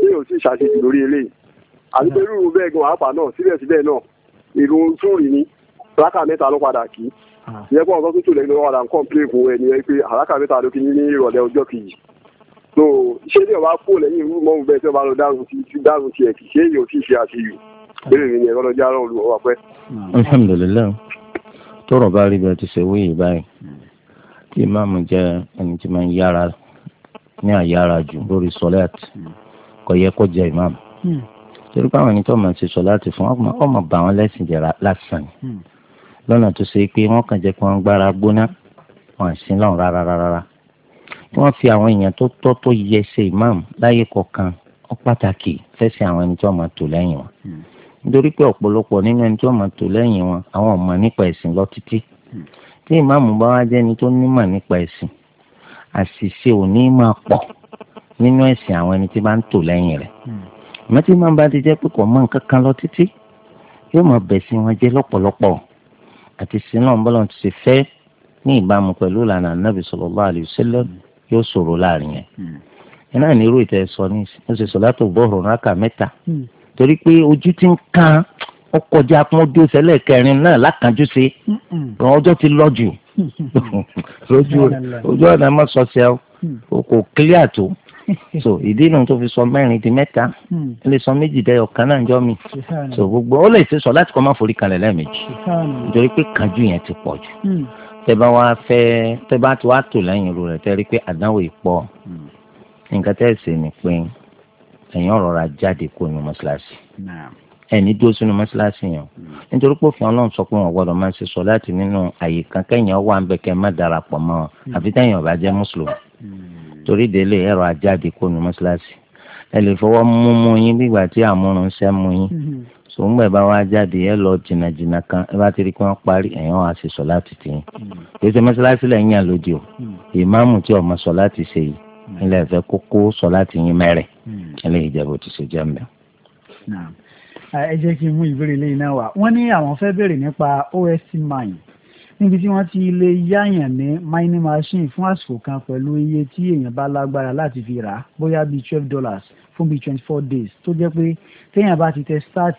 bí yóò sì ṣàṣejù lórí eléyìí àti pé irú bẹ́ẹ̀ gan àpà náà síbẹ̀síbẹ̀ náà irun túrì ni rákà mẹ́ta ló padà kí ah. ìyẹn pọ̀ ọ̀sán tútù lẹ́yìn ló padà ń kọ́ńpléèn fún ẹni pé àràkà mẹ́ta ló kí ní ìrọ̀lẹ́ ọjọ́ kejì so ṣé ní ọba kú lẹ́yìn irú mọ́wù bẹ́ẹ̀ tí ọba lọ dárun tiẹ̀ kì í ṣe èyí ò sì ṣe àṣeyù bẹ́ẹ̀ ni ẹ̀rọ lọ́jà ọ̀rọ̀ olùwọ́ wa pẹ́. alhamdulilayi tọrọ bá rí bí a ti ṣe wí yìí báyìí tí ìmáàmù jẹ ẹni tí máa ń yára ní àyára jù lórí sọlẹ́ẹ̀tì kò yẹ kó jẹ ìmáàmù hmm. torí pé àwọn ẹni tó máa ṣe sọlẹ́ẹ̀tì fún wọn máa bà wọn lẹ́sìn jẹ lásán ni hmm. lọ́nà tó ṣe pé wọ́n kàn jẹ́ pé wọ́n gbára gbóná wọn sí lọ́run rárá rárá wọ́n fi àwọn èèyàn tó tọ́ tó yẹ ṣe ìmáàmù láyé kọ̀ọ̀kan ó pàtàkì fẹ́ àwọn ẹni tó máa tò lẹ́yìn wọn. Hmm. nítorí pé ọ̀pọ̀lọpọ̀ nínú ẹni tí máa tò lẹ́yìn wọn àwọn ò nípa ẹ̀sìn lọ títí tí ìmáàmù bá wá jẹ́ni tó nímọ̀ nípa ẹ̀sìn àṣìṣe ò ní máa pọ̀ nínú ẹ̀sìn àwọn ẹni tí bá ń tò lẹ́yìn rẹ̀ mẹ́tí máa bá ti jẹ́ pé kò lọ títí yóò máa bẹ̀ sí wọn jẹ́ lọ́pọ̀lọpọ̀ àti sinú ti ṣe fẹ́ ní ìbámu pẹ̀lú anábì torí pé ojú ti ń kan ó kọjá fún ọdún ìṣẹ̀lẹ̀ kẹrin náà lákànjú sí ọjọ́ ti lọ jù ojú ọ̀nà mọ́ sọ́sẹ́ mm. o kò clear tó so ìdí inú tó fi sọ mẹ́rin di mẹ́ta mm. ó lè sọ méjì dẹ́yọ kan náà jọ mi so gbogbo ó lè ṣe sọ láti kọ́ máa forí kalẹ̀ lẹ́ẹ̀mejì nítorí pé kánjú yẹn ti pọ̀ jù mm. tẹ́ bá wá fẹ́ tẹ́ bá ti wá tò lẹ́yìn irú rẹ̀ tẹ́ rí pé àdánwò ìpọ̀ nǹkan tẹ́ ẹ̀ sè ni pé èèyàn rọra jáde kó inú mọ́ṣáláṣí ẹni dúró sínú mọ́ṣáláṣí yẹn hmm. nítorí pé òfin ọlọ́run sọ pé wọn gbọ́dọ̀ máa ń ṣe sọ láti nínú àyè kan kẹ́yìn wà ń bẹ kẹ́ má darapọ̀ mọ́ wọn hmm. àfi tẹ́yìn ọ̀bá jẹ́ mùsùlùmí hmm. torí délé ẹ̀rọ ajáde kó inú mọ́ṣáláṣí ẹ lè fọwọ́ mú mú yín nígbà tí àmúrun ń ṣẹ́ mú yín sòwúngbà ẹ bá wá jáde ẹ lọ jìnnàjìnnà kan ẹ bá ti rí i pé wọ́n parí ẹ̀yàn wá ṣe sọ láti tì yín pèsè mọ́ṣáláṣí lẹ́yìn àlòdì ò ìmáàmù tí ọmọ sọ láti ṣe yìí Hmm. ilé ẹ̀fẹ́ kókó sọ láti yín mẹ́rẹ̀ hmm. ilé ìjẹ́bù ti ṣe jẹ́ mbẹ́. ẹ jẹ́ kí n mú ìbéèrè lẹ́yìn náà wá wọ́n ní àwọn fẹ́ béèrè nípa OSC mine níbi tí wọ́n ti lè yáyàn ní mining machine fún àsìkò kan pẹ̀lú iye tí èèyàn bá lágbára láti fi rà bóyá bíi twelve dollars fún bíi twenty four days tó jẹ́ pé téèyàn bá ti tẹ start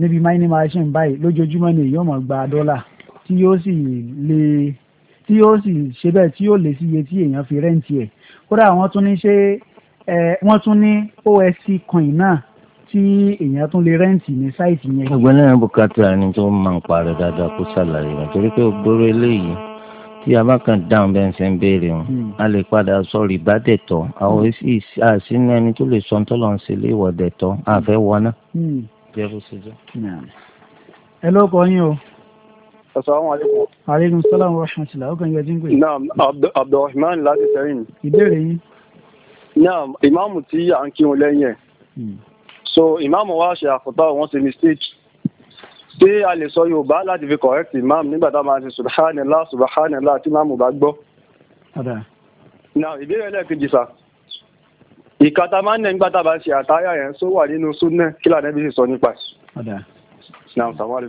níbi mining machine báyìí lójoojúmọ́ ni èèyàn mọ̀ gba dọ́là tí yóò sì lè tí yóò sì ṣe bẹ́ẹ̀ tí yóò lè sí iye tí èèyàn fi rẹ́ǹtì ẹ̀ kódà wọ́n tún ní ṣe wọ́n tún ní osc coin náà tí èèyàn tún lè rẹ́ǹtì ní sáìtì yẹn. ẹgbẹ́ náà bùkátà ni tó máa ń parẹ́ dáadáa kó ṣàlàyé rẹ̀ torí pé gbóró eléyìí tí a bá kàn dáhùn bẹ́ẹ̀ ṣe ń béèrè wọn hmm. a lè padà sọ̀rọ̀ ìbádẹ́tọ̀ àwọn èsì hmm. ẹni tó lè sọ ń tọ́lọ̀ ń ṣe lé ìwọ̀dẹ̀tọ̀ àfẹ́ ẹ ló yín o asalaamualeykum. aleykum salaam wa rahmatulah ọkàn yóò dín pé. naam abdulrahman láti sẹ́yìn. ìbéèrè yín. naam ìmáàmù tí à ń kírun lẹ́yìn ẹ̀. Hmm. so ìmáàmù wa ṣe àkótá wọn ṣe mistake. ṣé a lè sọ yorùbá láti fi correct imam nígbà tá a máa ṣe subhanallah subhanallah tí imaamu bá gbọ́. naam ìbéèrè lẹ́ẹ̀kejì sá ìkàtà máa ń nẹ̀ nígbà tá a bá ṣe àtàyà yẹn só wà nínú súnnà kí lànà bí sì sọ nípa ẹ̀. naam sàmúlò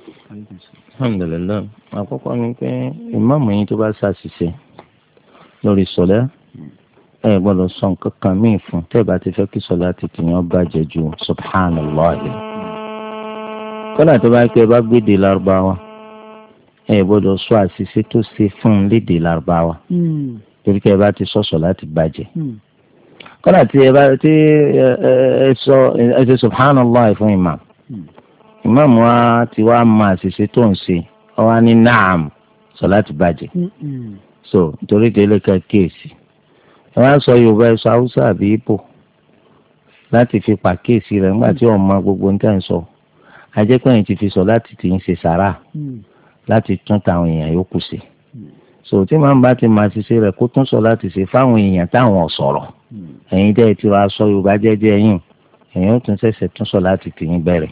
alhamdulilayi àkọ́kọ́ ni pé ìmáàmù yín tó bá ṣàṣìṣe lórí sọ̀lá ẹ gbọ́dọ̀ sọ nǹkan kan míì fún tẹ́ ẹ bá ti fẹ́ kí sọ̀lá ti tìyàn bàjẹ́ ju subhanallah kọ́lá tó bá pẹ́ bá gbéde lárúbáwá ẹ gbọ́dọ̀ sọ àṣìṣe tó ṣe fún un léde lárúbáwá hmm. torí kẹ́ ẹ bá ti sọ̀sọ̀ láti bàjẹ́ hmm. kọ́lá tí ẹ bá ti ẹ sọ ẹ ṣe subhanallah fún ìmáàmù hmm ìmáàmù wa ti wá mọ àṣìṣe tó ń ṣe ọ wá ní naam sọ láti bàjẹ́ so nítorí délé ká kíyèsí ẹ wá sọ yorùbá ẹ sọ haúsá àbí ibo láti fi pàkíyèsí rẹ nígbà tí ọmọ gbogbo ń tẹ̀ ń sọ ajẹ́pẹ̀yìn ti fi sọ láti ti ń ṣe sàrà mm. láti tún tàwọn èèyàn yòókù ṣe mm. so tí màá bá ti máa ṣiṣẹ́ rẹ̀ kó tún sọ láti ṣe fáwọn èèyàn táwọn sọ̀rọ̀ mm. ẹ̀yin dẹ́ ti wá sọ yorùbá jẹ́jẹ́ yín èèyàn ó tún ṣẹ̀ṣẹ̀ tún sọ láti tìyín bẹ̀rẹ̀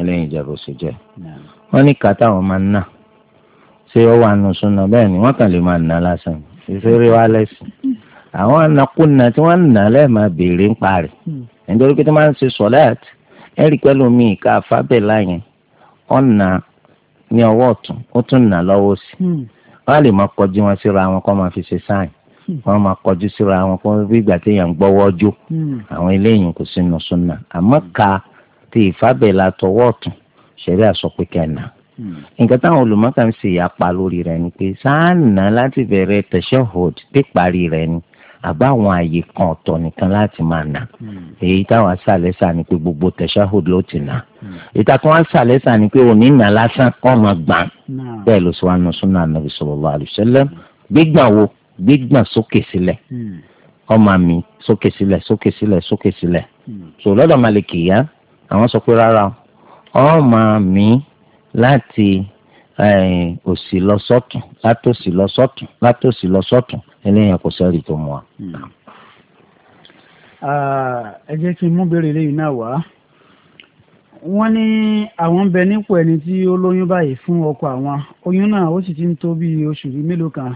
eléyìí ìjẹ̀bù sì jẹ́ wọ́n ní kàtà wọn máa ń nà ṣé ó wà nù súnà bẹ́ẹ̀ ni wọ́n kàn lè máa nà lásán ìṣeré wa lẹ́sìn àwọn anakúnà tí wọ́n ń nà lẹ́ẹ̀ma béèrè ń parí hmm. nítorí pé tí wọ́n máa ń ṣe sọ̀láàt ẹ̀rí pẹ́lú mi ìka àfábẹ́lá yẹn ọ̀nà ní ọwọ́ ọ̀tún ó tún nà lọ́wọ́ sí hmm. wọ́n á lè máa kọjú wọn síra wọn kọ́ máa fi ṣe sáìn hmm. wọn máa kọjú síra wọn kó bí ìgbà téèyàn ń gbọ́wọ́ àwọn eléyìí kò sínú súnà àmọ́ ka ti ìfábẹ́lá tọwọ́ ọ̀tún ṣẹ̀rí àsọ pé kẹ́nà. nǹkan táwọn olùmọ̀ọ́kà ń ṣe apá lórí rẹ̀ ni pé sáànà láti bẹ̀rẹ̀ tashahhud dé parí rẹ̀ ni àbá àwọn àyè kan ọ̀tọ̀ nìkan láti máa nà èyí táwọn aṣàlẹ̀ sà ni pé gbogbo tashahhud ló ti nà ìtàkùn aṣàlẹ̀ sà ni pé òní nà lásán kọ́ máa gbà bẹ́ẹ̀ ló sọ wá nù súnà nàbì sallallahu alaihi wasallam gbígbà wo gbígbà sókè sílẹ̀ ọmọ mi sókè sílẹ̀ sókè sílẹ̀ sókè sílẹ̀ hmm. sọ lọ́dọ̀ Màlíkì àwọn sọ pé rárá ọ máa mí láti eh, òsì lọ sọ́tún látòsì lọ sọ́tún látòsì lọ sọ́tún eléyàn kò sẹ́rì tó mú wa. Hmm. Ah, ẹ jẹ́ kí n mú béèrè lẹ́yìn náà wá wọ́n ní àwọn ń bẹ nípò ẹni tí ó lóyún báyìí fún ọkọ àwọn oyún náà ó sì ti ń tó bíi oṣù mélòó kan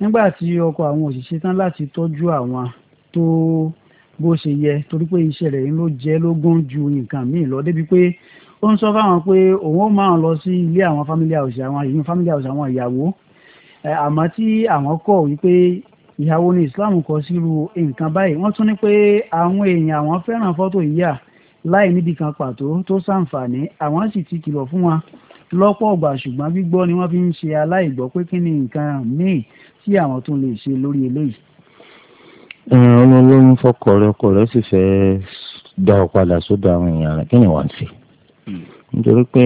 nígbà tí ọkọ àwọn òṣìṣẹ́ tán láti tọ́jú àwọn tó. To bó ṣe yẹ torí pé iṣẹ́ rẹ̀ ló jẹ́ lógún ju nǹkan míì lọ débi pé ó ń sọ fáwọn pé òun ó máa lọ sí ilé àwọn family house àwọn ìyún family house àwọn ìyàwó àmọ́ tí àwọn kọ̀ wípé ìyàwó ni Islam kọ sírú nǹkan báyìí wọ́n tún ní pé àwọn èèyàn àwọn fẹ́ràn fọ́tò yíyà láì níbi kan pàtó tó ṣàǹfààní àwọn sì ti kìlọ̀ fún wọn lọ́pọ̀ ọgbà ṣùgbọ́n gbígbọ́ ni wọ́n fi ń ṣe aláìgbọ́ pé kí ni nǹkan míì tí àwọn tún lè ṣe lórí eléyìí Eh, ọmọ olóyún fọkọ rẹ̀ ọkọ rẹ̀ sì fẹ́ dá ọ padà sódò àwọn èèyàn rẹ̀ kí ni wọ́n ń ṣe hmm. nítorí pé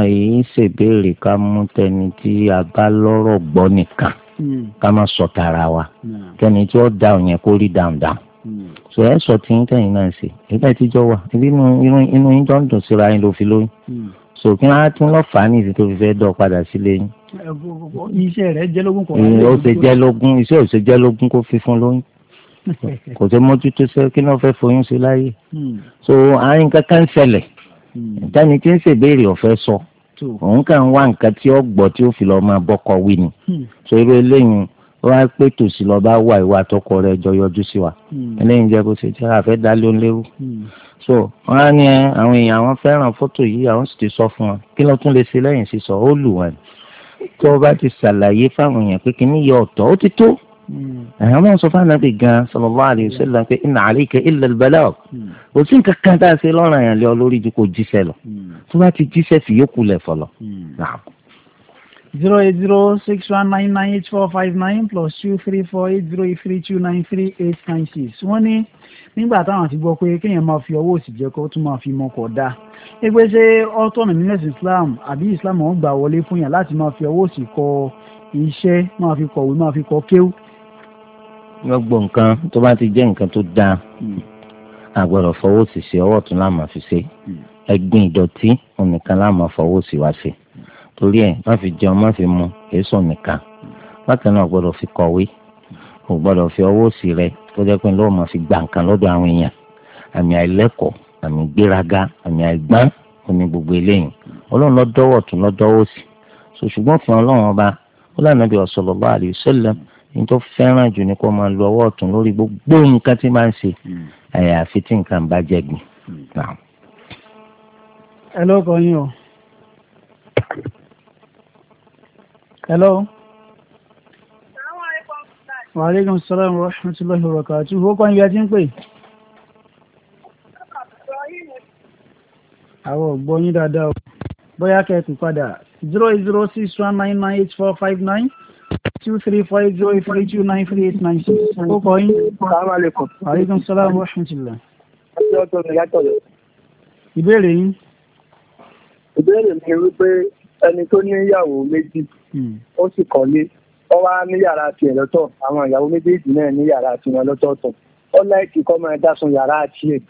àyè ṣèbéèrè ká mú tẹni tí a bá lọ́rọ̀ gbọ́ nìkan hmm. ká má sọ tara wa hmm. kẹ́ni tí ó dáhùn yẹn kó rí dáhùn dáhùn sọ ẹ sọ tí ń tẹ̀yìn náà ṣe ìgbà ìtijọ́ wà inú inú yín jọ ń dùn síra yín ló fi lóyún so kí wọn á tún lọ fà á ní ìdí tó fi fẹ́ dọ̀ padà sílé yín. Eh, iṣẹ́ rẹ̀ jẹ́ lógún kọ́. ó ṣe jẹ́ lógún iṣẹ́ ò ṣe jẹ́ lógún kó fi fún lóyún kò tó mójútó sẹ kí ló fẹ́ foyún sí láyé hmm. so àárín kankan ṣẹlẹ̀ ìtàní hmm. tí ń ṣèbéèrè ọ̀fẹ́ sọ òun kàn wá nǹkan tí ó gbọ́ tí ó fi lọ́ọ́ máa bọ́kọ wí ni hmm. so irú eléyìí wọ́n á pé tòsí lọ́ọ́ bá wà ìwà àtọkọ rẹ̀ jọ yọjú sí wa eléyìí jẹ́ bó ṣe jẹ́ àfẹ́ dá ló ń léwu so wọ́n á ní àwọn èèyàn àwọn fẹ́ràn fótò yìí àwọn sì ti sọ fún wọn kí ló tún lè ṣe lẹ́yìn sísọ ó lù wọn tó bá ti ṣàlàyé fáwọn èèyàn pé kí ní yọ ọ̀tọ̀ ó ti tó àwọn náà sọ fún anabi gan sallallahu alayhi wa sallam pé inna alayka illa al-balagh kò sí nǹkan kan tá a ṣe lọ́rùn àyàn lé ọ lórí ju kò jíṣẹ́ lọ tó bá ti jíṣẹ́ fi yókù lẹ̀ fọlọ́. zero eight zero six one nine nine eight four five nine plus two three four eight zero eight three two nine three eight nine six wọ́n ní nígbà táwọn ti gbọ́ pé kéèyàn máa fi ọwọ́ òsì jẹ́ kó tún máa fi mọkọ̀ dá ẹgbẹ́ ṣe ọ́tọ̀nà nílẹ̀ islam àbí islam wọn gbà wọlé fún yàn láti máa fi ọwọ́ òsì kọ iṣẹ́ máa fi kọ̀wé máa fi kọ kéwù gbogbo nǹkan tó bá ti jẹ́ nǹkan tó dáa àgbọ̀dọ̀ fọwọ́ sí ṣe ọwọ́ tún láàmà fi ṣe ẹ̀gbin ìdọ̀tí ònìkan láàmà fọwọ́ sí wá ṣe torí ẹ̀ má fi jẹun má fi mu èso nìkan bákan náà gbọ́dọ̀ fi kọ̀wé kò gbọ́dọ̀ fi ọwọ́ sí rẹ tó jẹ́ pé lọ́wọ́ máa fi gbà nǹkan lọ́dọ̀ àwọn èèyàn àmì àìlẹ́kọ̀ọ́ àmì gbéraga àmì àìgbọ́n òní gbogbo eléyìí ọlọ́run lọ́dọ́wọ̀ tún lọ́dọ́wọ́ sí ṣùgbọ́n fún ọlọ́run ọba ó lànà bí sallallahu alaihi wasallam ní tó fẹ́ràn jù ni kó máa lo ọwọ́ ọ̀tún lórí gbogbo nǹkan tí máa ń ṣe hmm. àyàfi tí nǹkan bá jẹ gbìn. ẹ lọ́kọ̀ yín o. hello. wa aleykum salaam wa rahmatulahi wa barakatuh ó kàn yín bí ń pè. àwọn ò gbọ́ yín dáadáa o bóyá kẹ́ ẹ tún padà zero eight zero six one nine nine eight four five nine two three five zero eight three two nine three eight nine six. ó kọ́ yín. salaam aleykum. aleykum salaam wa rahmatulah. ọjọ́ tó mi yàtọ̀ lọ. ìbéèrè yín. ìbéèrè mi wípé ẹni tó ní ìyàwó méjì hmm. ó sì kọ́lé ó wá ní yàrá tiẹ̀ lọ́tọ̀ àwọn ìyàwó méjèèjì náà ní yàrá tiwọn lọ́tọ̀ọ̀tọ̀ ó láìkì kọ́ máa dá sun yàrá tiẹ̀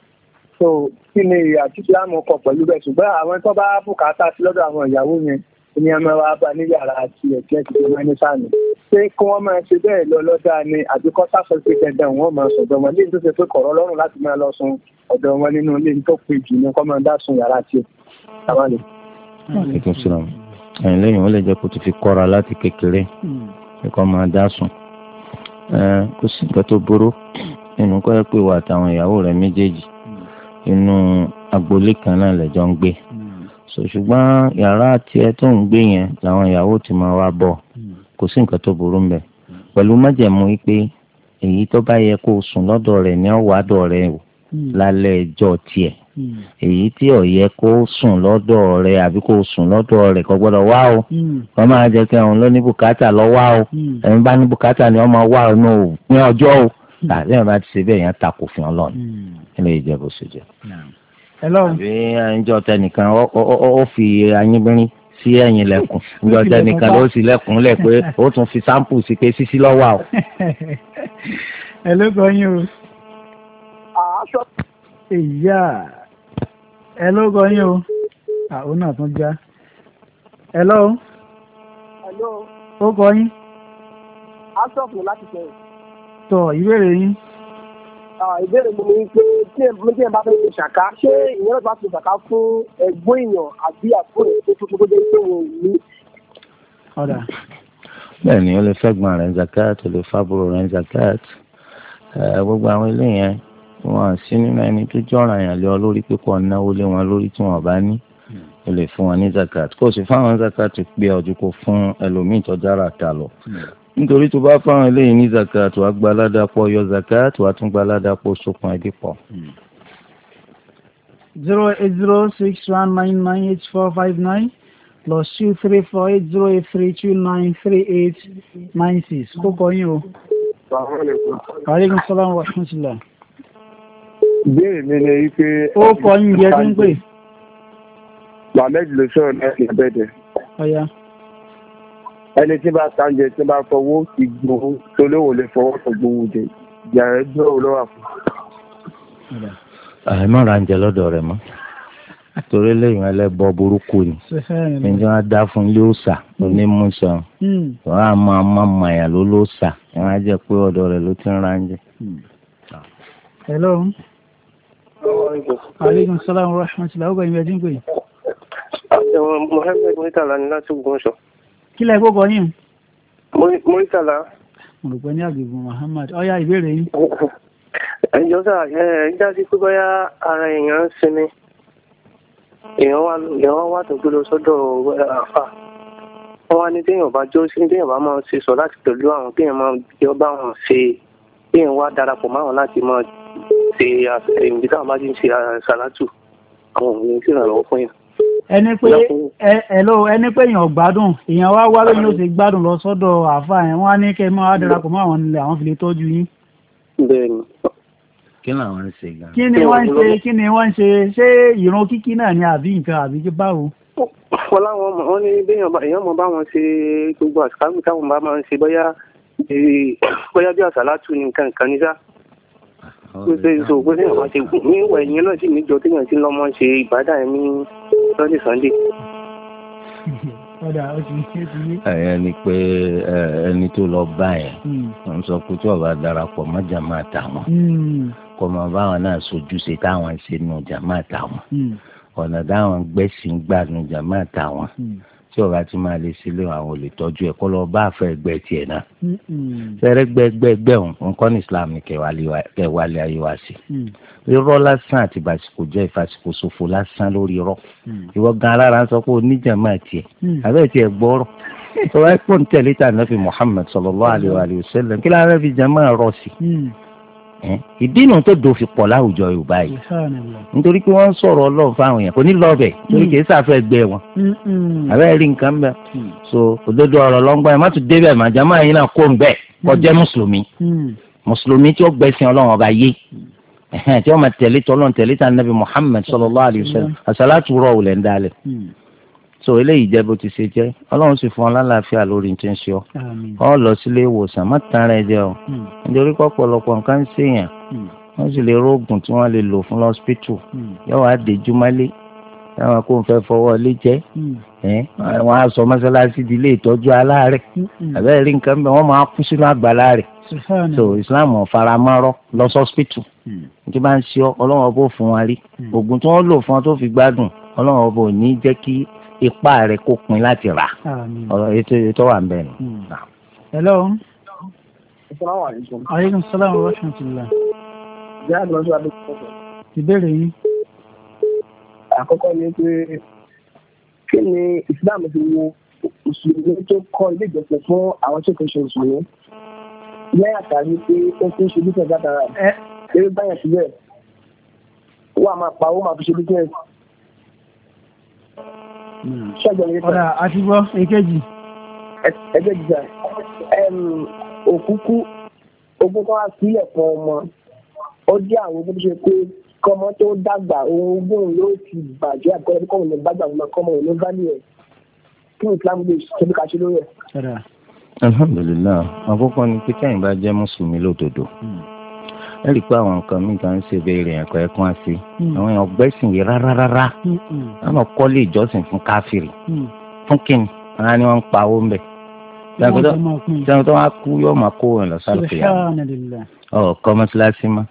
so kí ni àti islam kọ pẹ̀lú bẹ́ẹ̀ ṣùgbọ́n àwọn tó bá bùkátà sí lọ́dọ̀ àwọn ìyàwó yẹn ní ọmọ wa bá ní yàrá àti ẹ̀kẹ́ ti máa ní sáàmì. ṣé kí wọ́n máa ṣe bẹ́ẹ̀ lọ lọ́dà ni àbí kọ́ sáfẹ́ pé dandan wọ́n máa sọ̀dọ̀ wọn léyìn tó ṣe pé kọ̀rọ̀ lọ́rùn láti máa lọ sun ọ̀dọ̀ wọn nínú ilé tó pé jù ní kọ́ máa dá sun yàrá àti ẹ̀kẹ́. ẹ̀yìn lẹ́yìn ó lè jẹ́ kó ti fi kọ́ra láti kékeré hmm. kó máa dá sun kó sì nǹkan tó burú nínú kọ́ ẹ pé wà àtàwọn ìyàwó ṣùgbọ́n yàrá tiẹ̀ tó ń gbé yẹn làwọn ìyàwó ti máa wá bọ̀ hmm. kò sí nǹkan tó burú mbẹ̀ pẹ̀lú májẹ̀mú pé èyí tó bá yẹ kó sùn lọ́dọ̀ rẹ̀ ní ọ̀wádọ̀ rẹ̀ o hmm. lálẹ́ ẹjọ́ tiẹ̀ hmm. èyí tí ò yẹ kó sùn lọ́dọ̀ rẹ̀ àbí kó sùn lọ́dọ̀ rẹ̀ kò gbọ́dọ̀ wá o wọ́n máa jẹ́ pé àwọn ló bùkátà lọ wá o ẹ̀yin bá ní bùkátà ni wọ́n máa wá o ní ọjọ́ o àti ẹ̀yin bá ti ṣe bẹ́ẹ̀ yẹn takò fún Ọlọ́run ẹ̀ lè jẹ́ bó ṣe jẹ́ àbí ẹnjọ tẹnìkan ó fi ayínbírín sí ẹ̀yìn lẹ̀kùn ǹjọ tẹnìkan ló sì lẹ̀kùn lẹ pé ó tún fi sáǹpù sí pé sísí lọ́wọ́ àwọ̀. ẹ ló kọ yín o. aṣọ. ìyá ẹ ló kọ yín o àwọn náà tún já ẹ lọ́wọ́. ó kọ yín. aṣọ́ọ̀fù láti sọ̀rọ̀. tọ ìbéèrè yín. Ah, ìbéèrè mi ni pé tí ẹ bá fẹ́ ṣe ṣàká ṣé ìyẹn lọ́ọ́ ṣe ṣàká fún ẹ̀gbọ́n èèyàn àbí àbúrò tó tó tó dé pé wọn bẹ́ẹ̀ ni ó lè fẹ́gbọ́n rẹ̀ ń zakat ó lè fábúrò rẹ̀ ń zakat gbogbo àwọn ilé yẹn wọn sí nínú ẹni tó jọra yàn lé ọ lórí pípọ̀ náwó lé wọn lórí tí wọn bá ní ó lè fún wọn ní zakat kó o sì fáwọn zakat pé ọdún kó fún ẹlòmíì tó dára ta lọ hmm nítorí tó bá fáwọn eléyìí ní zakat wàá gba aládàpọ̀ yọ zakat wàá tún gba aládàpọ̀ sókun ẹbí pọ̀. Hmm. zero eight zero six one nine nine eight four five nine plus two three four eight zero eight three two nine three eight nine six kókó yín o. aleykum salaam wa rahmatulah. ìbéèrè mi ni wípé. ó kọ́ yín jẹ́ tí ń pè. mohammed ló sọ̀rọ̀ láti abẹ́dẹ̀. ọ̀ya. Oh, yeah. ẹni tí bá sáńjẹ tí bá fọwọ́ ti gbowó lè fọwọ́ tó gbowó jẹ yàrá dúró lọ́wọ́ àpò. àìmọ̀ ra ń lọ́dọ̀ rẹ̀ mọ́ torí lẹ́yìn ẹlẹ́bọ burúkú ni ẹni wọ́n dá fún ilé òòsà onímùsàn hmm. wọ́n á máa má màyà ló lóòsà ẹ̀ wọ́n á jẹ́ pé ọ̀dọ̀ ló ti ń ra hello. aleykum salaam wa rahmatulah ọgbà ìgbà dín pé. àwọn mohammed murtala ni láti gbọ́n kílẹ̀ gbogbo yín. mọ́ńtàlá. mo rò pé ní àgbègbè Muhammad ọ̀ya ìbéèrè yín. ẹjọ́ sà ẹ ẹ jáde pé bóyá ara èèyàn ń sinmi èèyàn wà èèyàn wà tó gbé lọ sọ́dọ̀ àfà wọ́n wá ní téèyàn bá jó sí téèyàn bá máa ṣe sọ láti pẹ̀lú àwọn téèyàn máa jọ bá wọn ṣe téèyàn wá darapọ̀ máwọn láti máa ṣe àṣẹ ìbí táwọn bá ti ń ṣe àṣàlátù àwọn òun ní ìṣèrànlọ́wọ́ fún yàn ẹni pé ẹlò ẹni pé èèyàn gbádùn èèyàn wá wá lóyún ó sì gbádùn lọ sọ́dọ̀ àáfàá yẹn wọ́n á ní kẹ́ ẹ máa darapọ̀ mọ́ àwọn nílẹ̀ àwọn fi lè tọ́jú yín. bẹ́ẹ̀ni. kí ni àwọn ń ṣe gan. kí ni wọ́n ń ṣe kí ni wọ́n ń ṣe ṣé ìran kíkí náà ni àbí nǹkan àbí kí báwo. wọn láwọn ọmọ wọn ní béèyàn èèyàn mọ báwọn ṣe gbogbo àṣàkáwé táwọn bá máa ń ṣe bóyá eh, bóyá bí àṣà látù ní nǹkan nǹkan níṣà pé pé so pé téèyàn bá ṣe gùn ní ìwà ẹ̀yìn náà sì níjọ téèyàn ti lọ́mọ ṣe ìbádà ẹ̀mí sunday sunday. ọ̀dà ó ti ṣe ti yé. ẹ̀yẹ́ ni pé ẹni tó lọ bá yẹn hmm. ń sọ pé tí ọba darapọ̀ mọ́ jàmáà táwọn hmm. kọ́ mọ́ báwọn náà sojúṣe táwọn ṣe nù jàmáà táwọn ọ̀nà táwọn gbẹ̀sìn gbà nù jàmáà táwọn tí ọba ti máa lè sílé àwọn olùtọ́jú ẹ̀ kọ́ lọ bá àfẹ́ ẹgbẹ́ tiẹ̀ náà. fẹ́rẹ́ gbẹ́gbẹ́gbẹ́ òun nǹkan ní islam ni kẹwàálẹ̀ ayé wa sí. Mm. irọ́ lásán àti bàṣìkò jẹ́ ìfàṣìkò ṣòfò lásán lórí irọ́. Mm. ìwọ gan alára ń sọ pé oníjàmá tiẹ̀ mm. àbẹ́ tiẹ̀ gbọ́rọ̀. tọ́wá ẹ̀kọ́ ń tẹ̀lé tà náà fi Muhammad sallallahu alaihi wa sallam kí lára fi jàmá rọ̀ sí ìdínà tó dòfin pọ̀ láwùjọ yorùbá yìí nítorí pé wọ́n ń sọ̀rọ̀ ọlọ́run fáwọn èèyàn kò ní lọ́ọ̀bẹ̀ torí mm. kìí sàfẹ́ gbẹ wọn àbẹ́ rí nǹkan bẹ́ẹ̀ mm. so òdodo ọ̀rọ̀ lọ́ngbọ́n ẹ̀ má tún débẹ̀ màjàmá yìí náà kó ń bẹ̀ mm. kọjá mùsùlùmí mùsùlùmí tí ó gbẹ̀sìn ọlọ́run ọba yé tí wọ́n máa tẹ̀lé tọ́lọ́run tẹ̀lé tà nàbì Muhammad sallallahu alayhi wa sallam àṣàlátù rọ̀ wùlẹ̀ ń dálẹ̀ so eléyìí jẹ́ bó ti ṣe jẹ́ ọlọ́run sì fún ọ lálàáfíà lórí tí ń ṣe ọ ọ lọ sílé ìwòsàn má tàn rẹ jẹ ọ hmm. nítorí pọ̀pọ̀lọpọ̀ nǹkan ń ṣèyàn hmm. wọ́n sì lè róògùn tí wọ́n lè lò fún lọ́spítù hmm. yóò wá dé jumálé táwọn kò ń fẹ́ fọwọ́ ilé jẹ́ wọ́n á sọ mọ́sálásí di ilé ìtọ́jú aláàárẹ̀ àbẹ́rẹ́ rí nǹkan bẹ́ẹ̀ wọ́n máa kú sínú àgbàlá rẹ̀ so Islam faramọ́rọ́ lọ́sọ́spítù tí bá ń ṣe ọlọ́run ọbọ̀ fún wa rí oògùn tí wọ́n lò fún ọ tó fi gbádùn ọlọ́run ọbọ̀ ò ní jẹ́ kí ipá rẹ kó pin láti rà ọ̀rọ̀ ètò ètò wà ń bẹ nù. hello. asalaamualeykum. aleykum salaam wa rahmatulah. ìbéèrè yín. àkọ́kọ́ ni pé kí ni islam fi wo mùsùlùmí tó kọ́ ilé ìjọsìn fún àwọn tó kò ṣe mùsùlùmí lẹ́yìn àtàrí pé ó fi ń ṣe bísẹ̀ látara eh. eré báyà síbẹ̀ wọ́n á máa pa owó máa fi ṣe bísẹ̀ ṣẹ́gbọ̀n yẹn. ọ̀dà àti gbọ́ èkejì. èkejì sà òkúkú ogún kan wá sílẹ̀ fún ọmọ ó jẹ́ àwọn tó ṣe pé kọ́mọ tó dàgbà ohun ogún yóò ti bàjẹ́ àkọ́lẹ́ kọ́mọ ní bàgbà wọn kọ́mọ ní value ẹ̀ kí Islam lè ṣe bí ká ṣe lórí ẹ̀. alhamdulilayi àkọ́kọ́ ni pé káyìn bá jẹ́ mùsùlùmí lódodo. Mm ẹ rí i pé àwọn nǹkan mi kan ń ṣe béèrè ẹ̀kọ́ ẹ̀kún àṣẹ hmm. àwọn èèyàn gbẹ́sìn yìí rárá rárá hmm, àwọn hmm. kọ́lé ìjọsìn fún káfíìrì fún kíni àwọn ni wọ́n ń pa owó ń bẹ̀ sẹ́yìn tó wá kú yóò máa kó wọn lọ sọ́dọ̀ fìyà ọ̀ kọ́ mọ́ṣáláṣí mọ́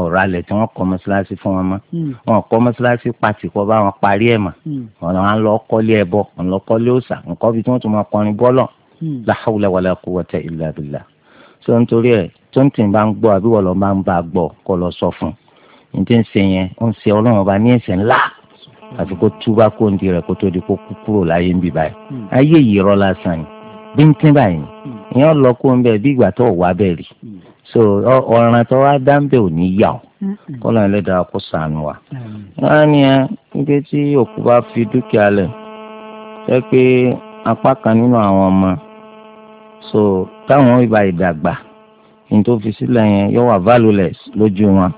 ọ̀rọ̀ alẹ̀ tí wọ́n kọ́ mọ́ṣáláṣí fún wọn mọ́ wọn kọ́ mọ́ṣáláṣí pàtì kọ́ bá wọn parí ẹ̀ mọ́ wọn lọ́n lọ́ kọ́lé ẹbọ wọn lọ́ kọ́lé òòṣà nǹkan bí tí wọ́n tún máa kọrin bọ́lọ̀ la hawla wala quwwata illa billah tó ń torí ẹ̀ tó ń tì bá ń gbọ́ àbí wọ́n lọ máa ń bá a gbọ́ kó lọ sọ fún un ní ń ṣe yẹn ó ń ṣe ọlọ́run ọba ní ẹ̀ṣẹ̀ ńlá àfi kó túbá kó ń di rẹ̀ kó tó di kó kú kúrò láyé ń bì báyìí ayé yìí rọ́ lásán ni bí ń tín báyìí ìyẹn lọ kó ń bẹ bí ìgbà tó wà bẹ́ẹ̀ rí so ọ̀ràn tó wá dá ń bẹ̀ ò ní yà ọ́ kó lọ́n ẹlẹ́dàá kó sànù wa. wọ́n á ní ẹ níbi tí òkú bá fi dúkìá lẹ̀ jẹ́ pé apá kan nínú àwọn ọmọ so táwọn ìbá ìdàgbà ní tó fi sílẹ̀ yẹn yóò wà valueless lójú wọn.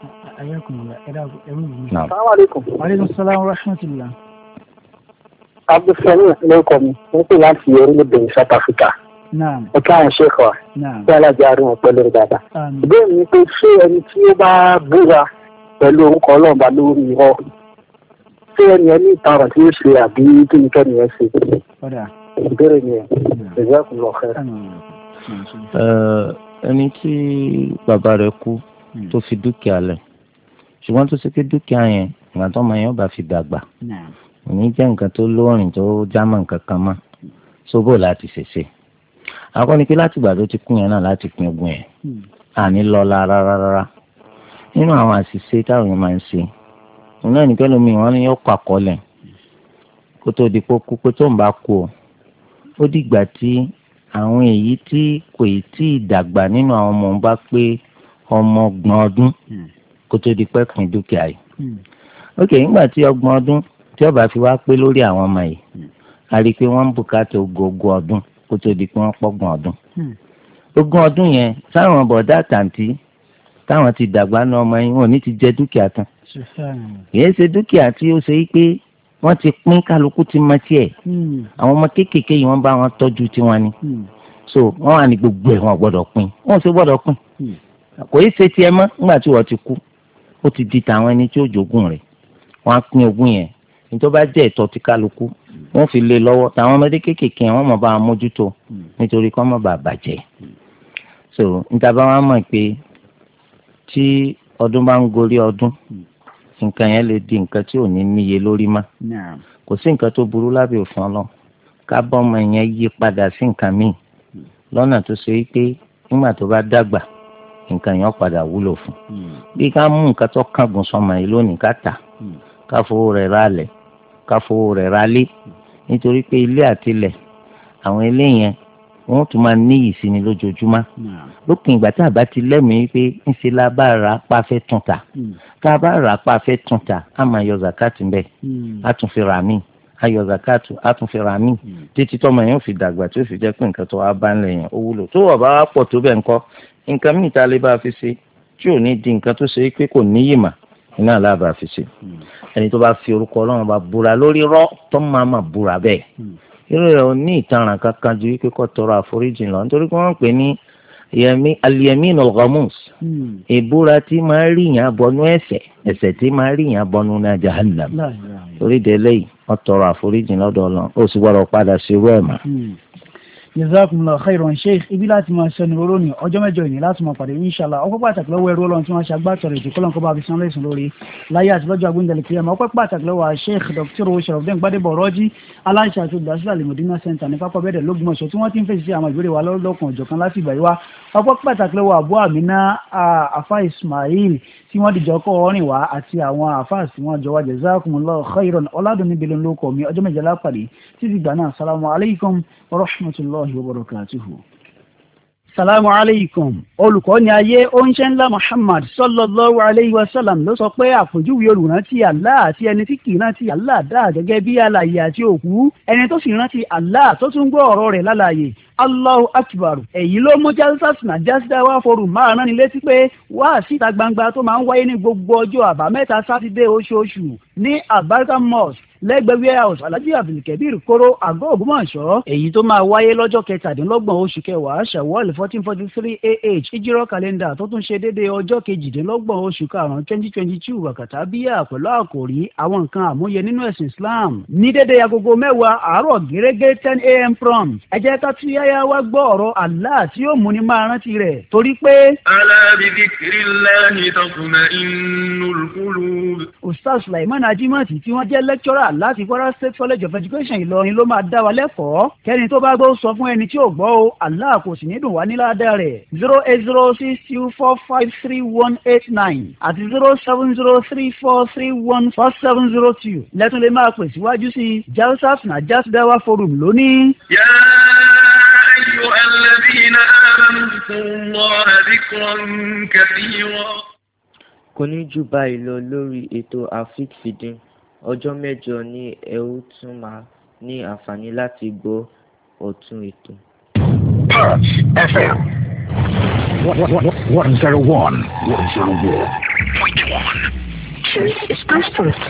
abdulsalam lórúkọ mi wọn pè láti orílẹ̀-èdè south africa ẹ káwọn ṣèkọ kí alájà arúgbó pẹ̀lú dáadáa bẹ́ẹ̀ ni pé ṣé ẹni tí ó bá búra pẹ̀lú orúkọ ọlọ́ọ̀bá lórí irọ́ ṣé ẹni ẹni ìtara tí ó ṣe àbí kí ni kẹ́ni ẹ ṣe. ìbéèrè e, ẹni tí bàbá kú hmm. tó fi dúkìá lẹ̀ ṣùgbọ́n tó ṣe pé dúkìá yẹn ìgbà tó ọmọ yẹn bá fi dàgbà òní jẹ́ nǹkan tó lóòrìn tó jámọ́ nǹkan kan mọ́ sóbò láti ṣẹṣẹ ni pé láti gbà ti yẹn láti àní hmm. rárá nínú àwọn àṣìṣe táwọn yẹn máa ń ṣe yọ àkọọ́lẹ̀ kó tó di pé kó tó ó dìgbà tí àwọn èyí tí kò ì tí ì dàgbà nínú àwọn ọmọ bá pé ọmọ ọgbọ̀n ọdún hmm. kó tó di pẹ́ pín dúkìá yìí. Hmm. ok nígbà tí ọgbọ̀n ọdún tí ó bá fi wá pé lórí àwọn ọmọ yìí hmm. a rí i pé wọ́n ń bùkátà ogógún ọdún kó tó di pé wọ́n pọ́gbọ̀n ọdún. ogún ọdún yẹn sáwọn bọ̀dá àtàǹtí táwọn ti dàgbà ní ọmọ yìí wọn ò ní ti jẹ dúkìá tán. kì í ṣe dúkìá tí ó ṣe é pé wọ́n ti pín kálukú ti mọ tiẹ̀ hmm. àwọn ọmọ kéékèèké yìí wọ́n bá wọn tọ́jú tiwọn ni hmm. so wọ́n wà ní gbogbo ẹ̀ wọ́n gbọ́dọ̀ pín wọ́n sì gbọ́dọ̀ pín hmm. kò í ṣe tiẹ̀ mọ́ nígbà tí wọ́n ti kú ó ti di tàwọn ẹni tí ó jogún rẹ̀ wọ́n á pín ogún yẹn nítorí bá jẹ́ ti kálukú wọ́n fi lé lọ́wọ́ tàwọn ọmọdé kéékèèké yẹn wọ́n bá wọn mójútó nítorí kọ́ mọ̀ bá bàjẹ́ so níta bá wọn mọ̀ pé tí ọdún bá ń gorí ọdún. Mm nǹkan yẹn lè di nǹkan tí ò ní níye lórí má kò sí nǹkan tó burú lábẹ́ òfin ọlọ́ ká ọmọ yẹn yí padà sí nǹkan míì lọ́nà tó ṣe é pé nígbà tó bá dàgbà nǹkan yẹn padà wúlò fún hmm. bí ká mú nǹkan tó kángun sọmọ yìí lónìí ká tà hmm. ká fowó rẹ̀ ra lẹ̀ ká fowó rẹ̀ ra lé hmm. nítorí pé ilé àtilẹ̀ àwọn ilé yẹn wọn tún máa ní ìyì sí ni lójoojúmọ́ lópin ìgbà tá a ti lẹ́mìí pé ńṣe la bá ra pa fẹ́ tún ta hmm. tá bá ra pa fẹ́ tún ta a máa yọ zakati bẹ́ẹ̀ hmm. a tún fi rà mí a yọ zakati a tún fi rà mí hmm. títí tọ́mọ yẹn ò fi dàgbà tí ó fi jẹ́ pé nǹkan tó wá bá ń lẹ̀ ó wúlò tó wọ̀ bá wá pọ̀ tó bẹ́ẹ̀ ńkọ́ nǹkan mìíràn tá lè bá a fi ṣe tí ò ní di nǹkan tó ṣe pé kò níyì mà iná aláàbà fi ṣe ẹni tó bá fi orúkọ ọlọ́run bá búra lórí rọ́ tó irú rẹ̀ ò ní ìtaràn kankan ju wípé kó tọrọ àforíjì lọ nítorí pé wọ́n ń pè ní yẹmi aliyemina ọgọmus hmm. ìbúra tí máa rí yàn bọnú ẹ̀ṣẹ̀ ẹ̀ṣẹ̀ tí máa rí yàn bọnú náà jahannam torí délé yìí wọ́n tọrọ àforíjì lọ́dọ̀ ó sì gbọ́dọ̀ padà sí irú ẹ̀ mọ́. Hmm jazakumullah khairan sheikh ibi láti máa sọ ní oró ní ọjọ́ mẹ́jọ ìní láti máa pàdé inshallah ọpẹ́ pàtàkì lọ́wọ́ ẹrú ọlọ́run tí wọ́n ṣe agbátọ̀rọ̀ ètò kọ́lọ́n kọ́ bá fi sanwó ẹ̀sùn lórí láyé àti lọ́jọ́ agbóńdẹ̀lẹ̀ kiri ọmọ ọpẹ́ pàtàkì lọ́wọ́ sheikh dr sharafdin gbadebo rọ́jí aláṣẹ àti olùdásílẹ̀ alimọ̀dínà center ní pápá bẹ́ẹ̀dẹ̀ lógúnmọ̀ṣọ́ tí wọ́n ti ń fèsì sí àwọn ìbéèrè wa lọ́kàn ọ̀jọ̀kan láti ìgbà ọpọ́ pàtàkì lọ́wọ́ àbú àmínà àfa ismail tí wọ́n dìjọ́ kọ́ ọrìn wá àti àwọn àfa tí wọ́n jọ wá jazakumullahu khairan ọ̀làdùnní bẹ̀rẹ̀ lóko mi ọjọ́ mẹ́jọ lápàdé títí gbà náà salamu alaykum wa rahmatulahi wa barakatuhu salamu alaykum olùkọ́ni ayé oúnjẹ́ ńlá muhammad sallallahu alayhi wa sallam ló sọ pé àpèjúwe olùrántí allah àti ẹni tí kì í rántí allah dà gẹ́gẹ́ bí alààyè àti òkú ẹni tó sì rántí allah tó tún gbọ́ ọ̀rọ̀ rẹ̀ lálàyè allahu akbar èyí ló mú jalsasna jalsawa forum máa rán ni létí pé wá síta gbangba tó máa ń wáyé ní gbogbo ọjọ́ àbámẹ́ta sátidé oṣooṣù ní albarka mosque lẹ́gbẹ̀ẹ́ warehouse alhaji abdulkabir koro àgọ́ ògbómọ̀ṣọ́ èyí tó máa wáyé lọ́jọ́ kẹtàdínlọ́gbọ̀n oṣù kẹwàá shawwal fourteen forty three ah ìjírọ̀ kàlẹ́ndà tó tún ṣe déédé ọjọ́ kejìdínlọ́gbọ̀n oṣù karùn twenty twenty two wàkàtà bíyà pẹ̀lú àkòrí àwọn nǹkan àmúyẹ nínú ẹ̀sìn islam ní déédé agogo mẹ́wàá àárọ̀ gẹ́gẹ́ ten a.m. prompt ẹ jẹ́ ká tún yáyá wá gbọ́ ọ̀rọ̀ allah tí yóò múni máa rántí rẹ̀ torí pé. ala bi dhikrillahi tatma'innu al-qulub. ustaz sulaiman ajimati tí wà láti Kwara State College of Education Ìlọrin ló máa dá wa lẹ́kọ̀ọ́ kẹ́ni tó bá gbọ́ sọ fún ẹni tí ò gbọ́ o Allah kò sì ní dùn wá níládàá rẹ̀ zero eight zero six two four five three one eight nine àti zero seven zero three four three one four seven zero two lẹ́tún lè máa pè síwájú sí jalsaf na jasdawa forum lónìí. yá ayò alẹ́bìnrin àmàlùkùn kò ní jù báyìí lọ lórí ètò afik fìdí. Ọjọ́ mẹ́jọ ni ẹ ó tún máa ní àǹfààní láti gbọ́ ọ̀tun ètò. One zero one. One zero one. Point one. Truth is prosperous.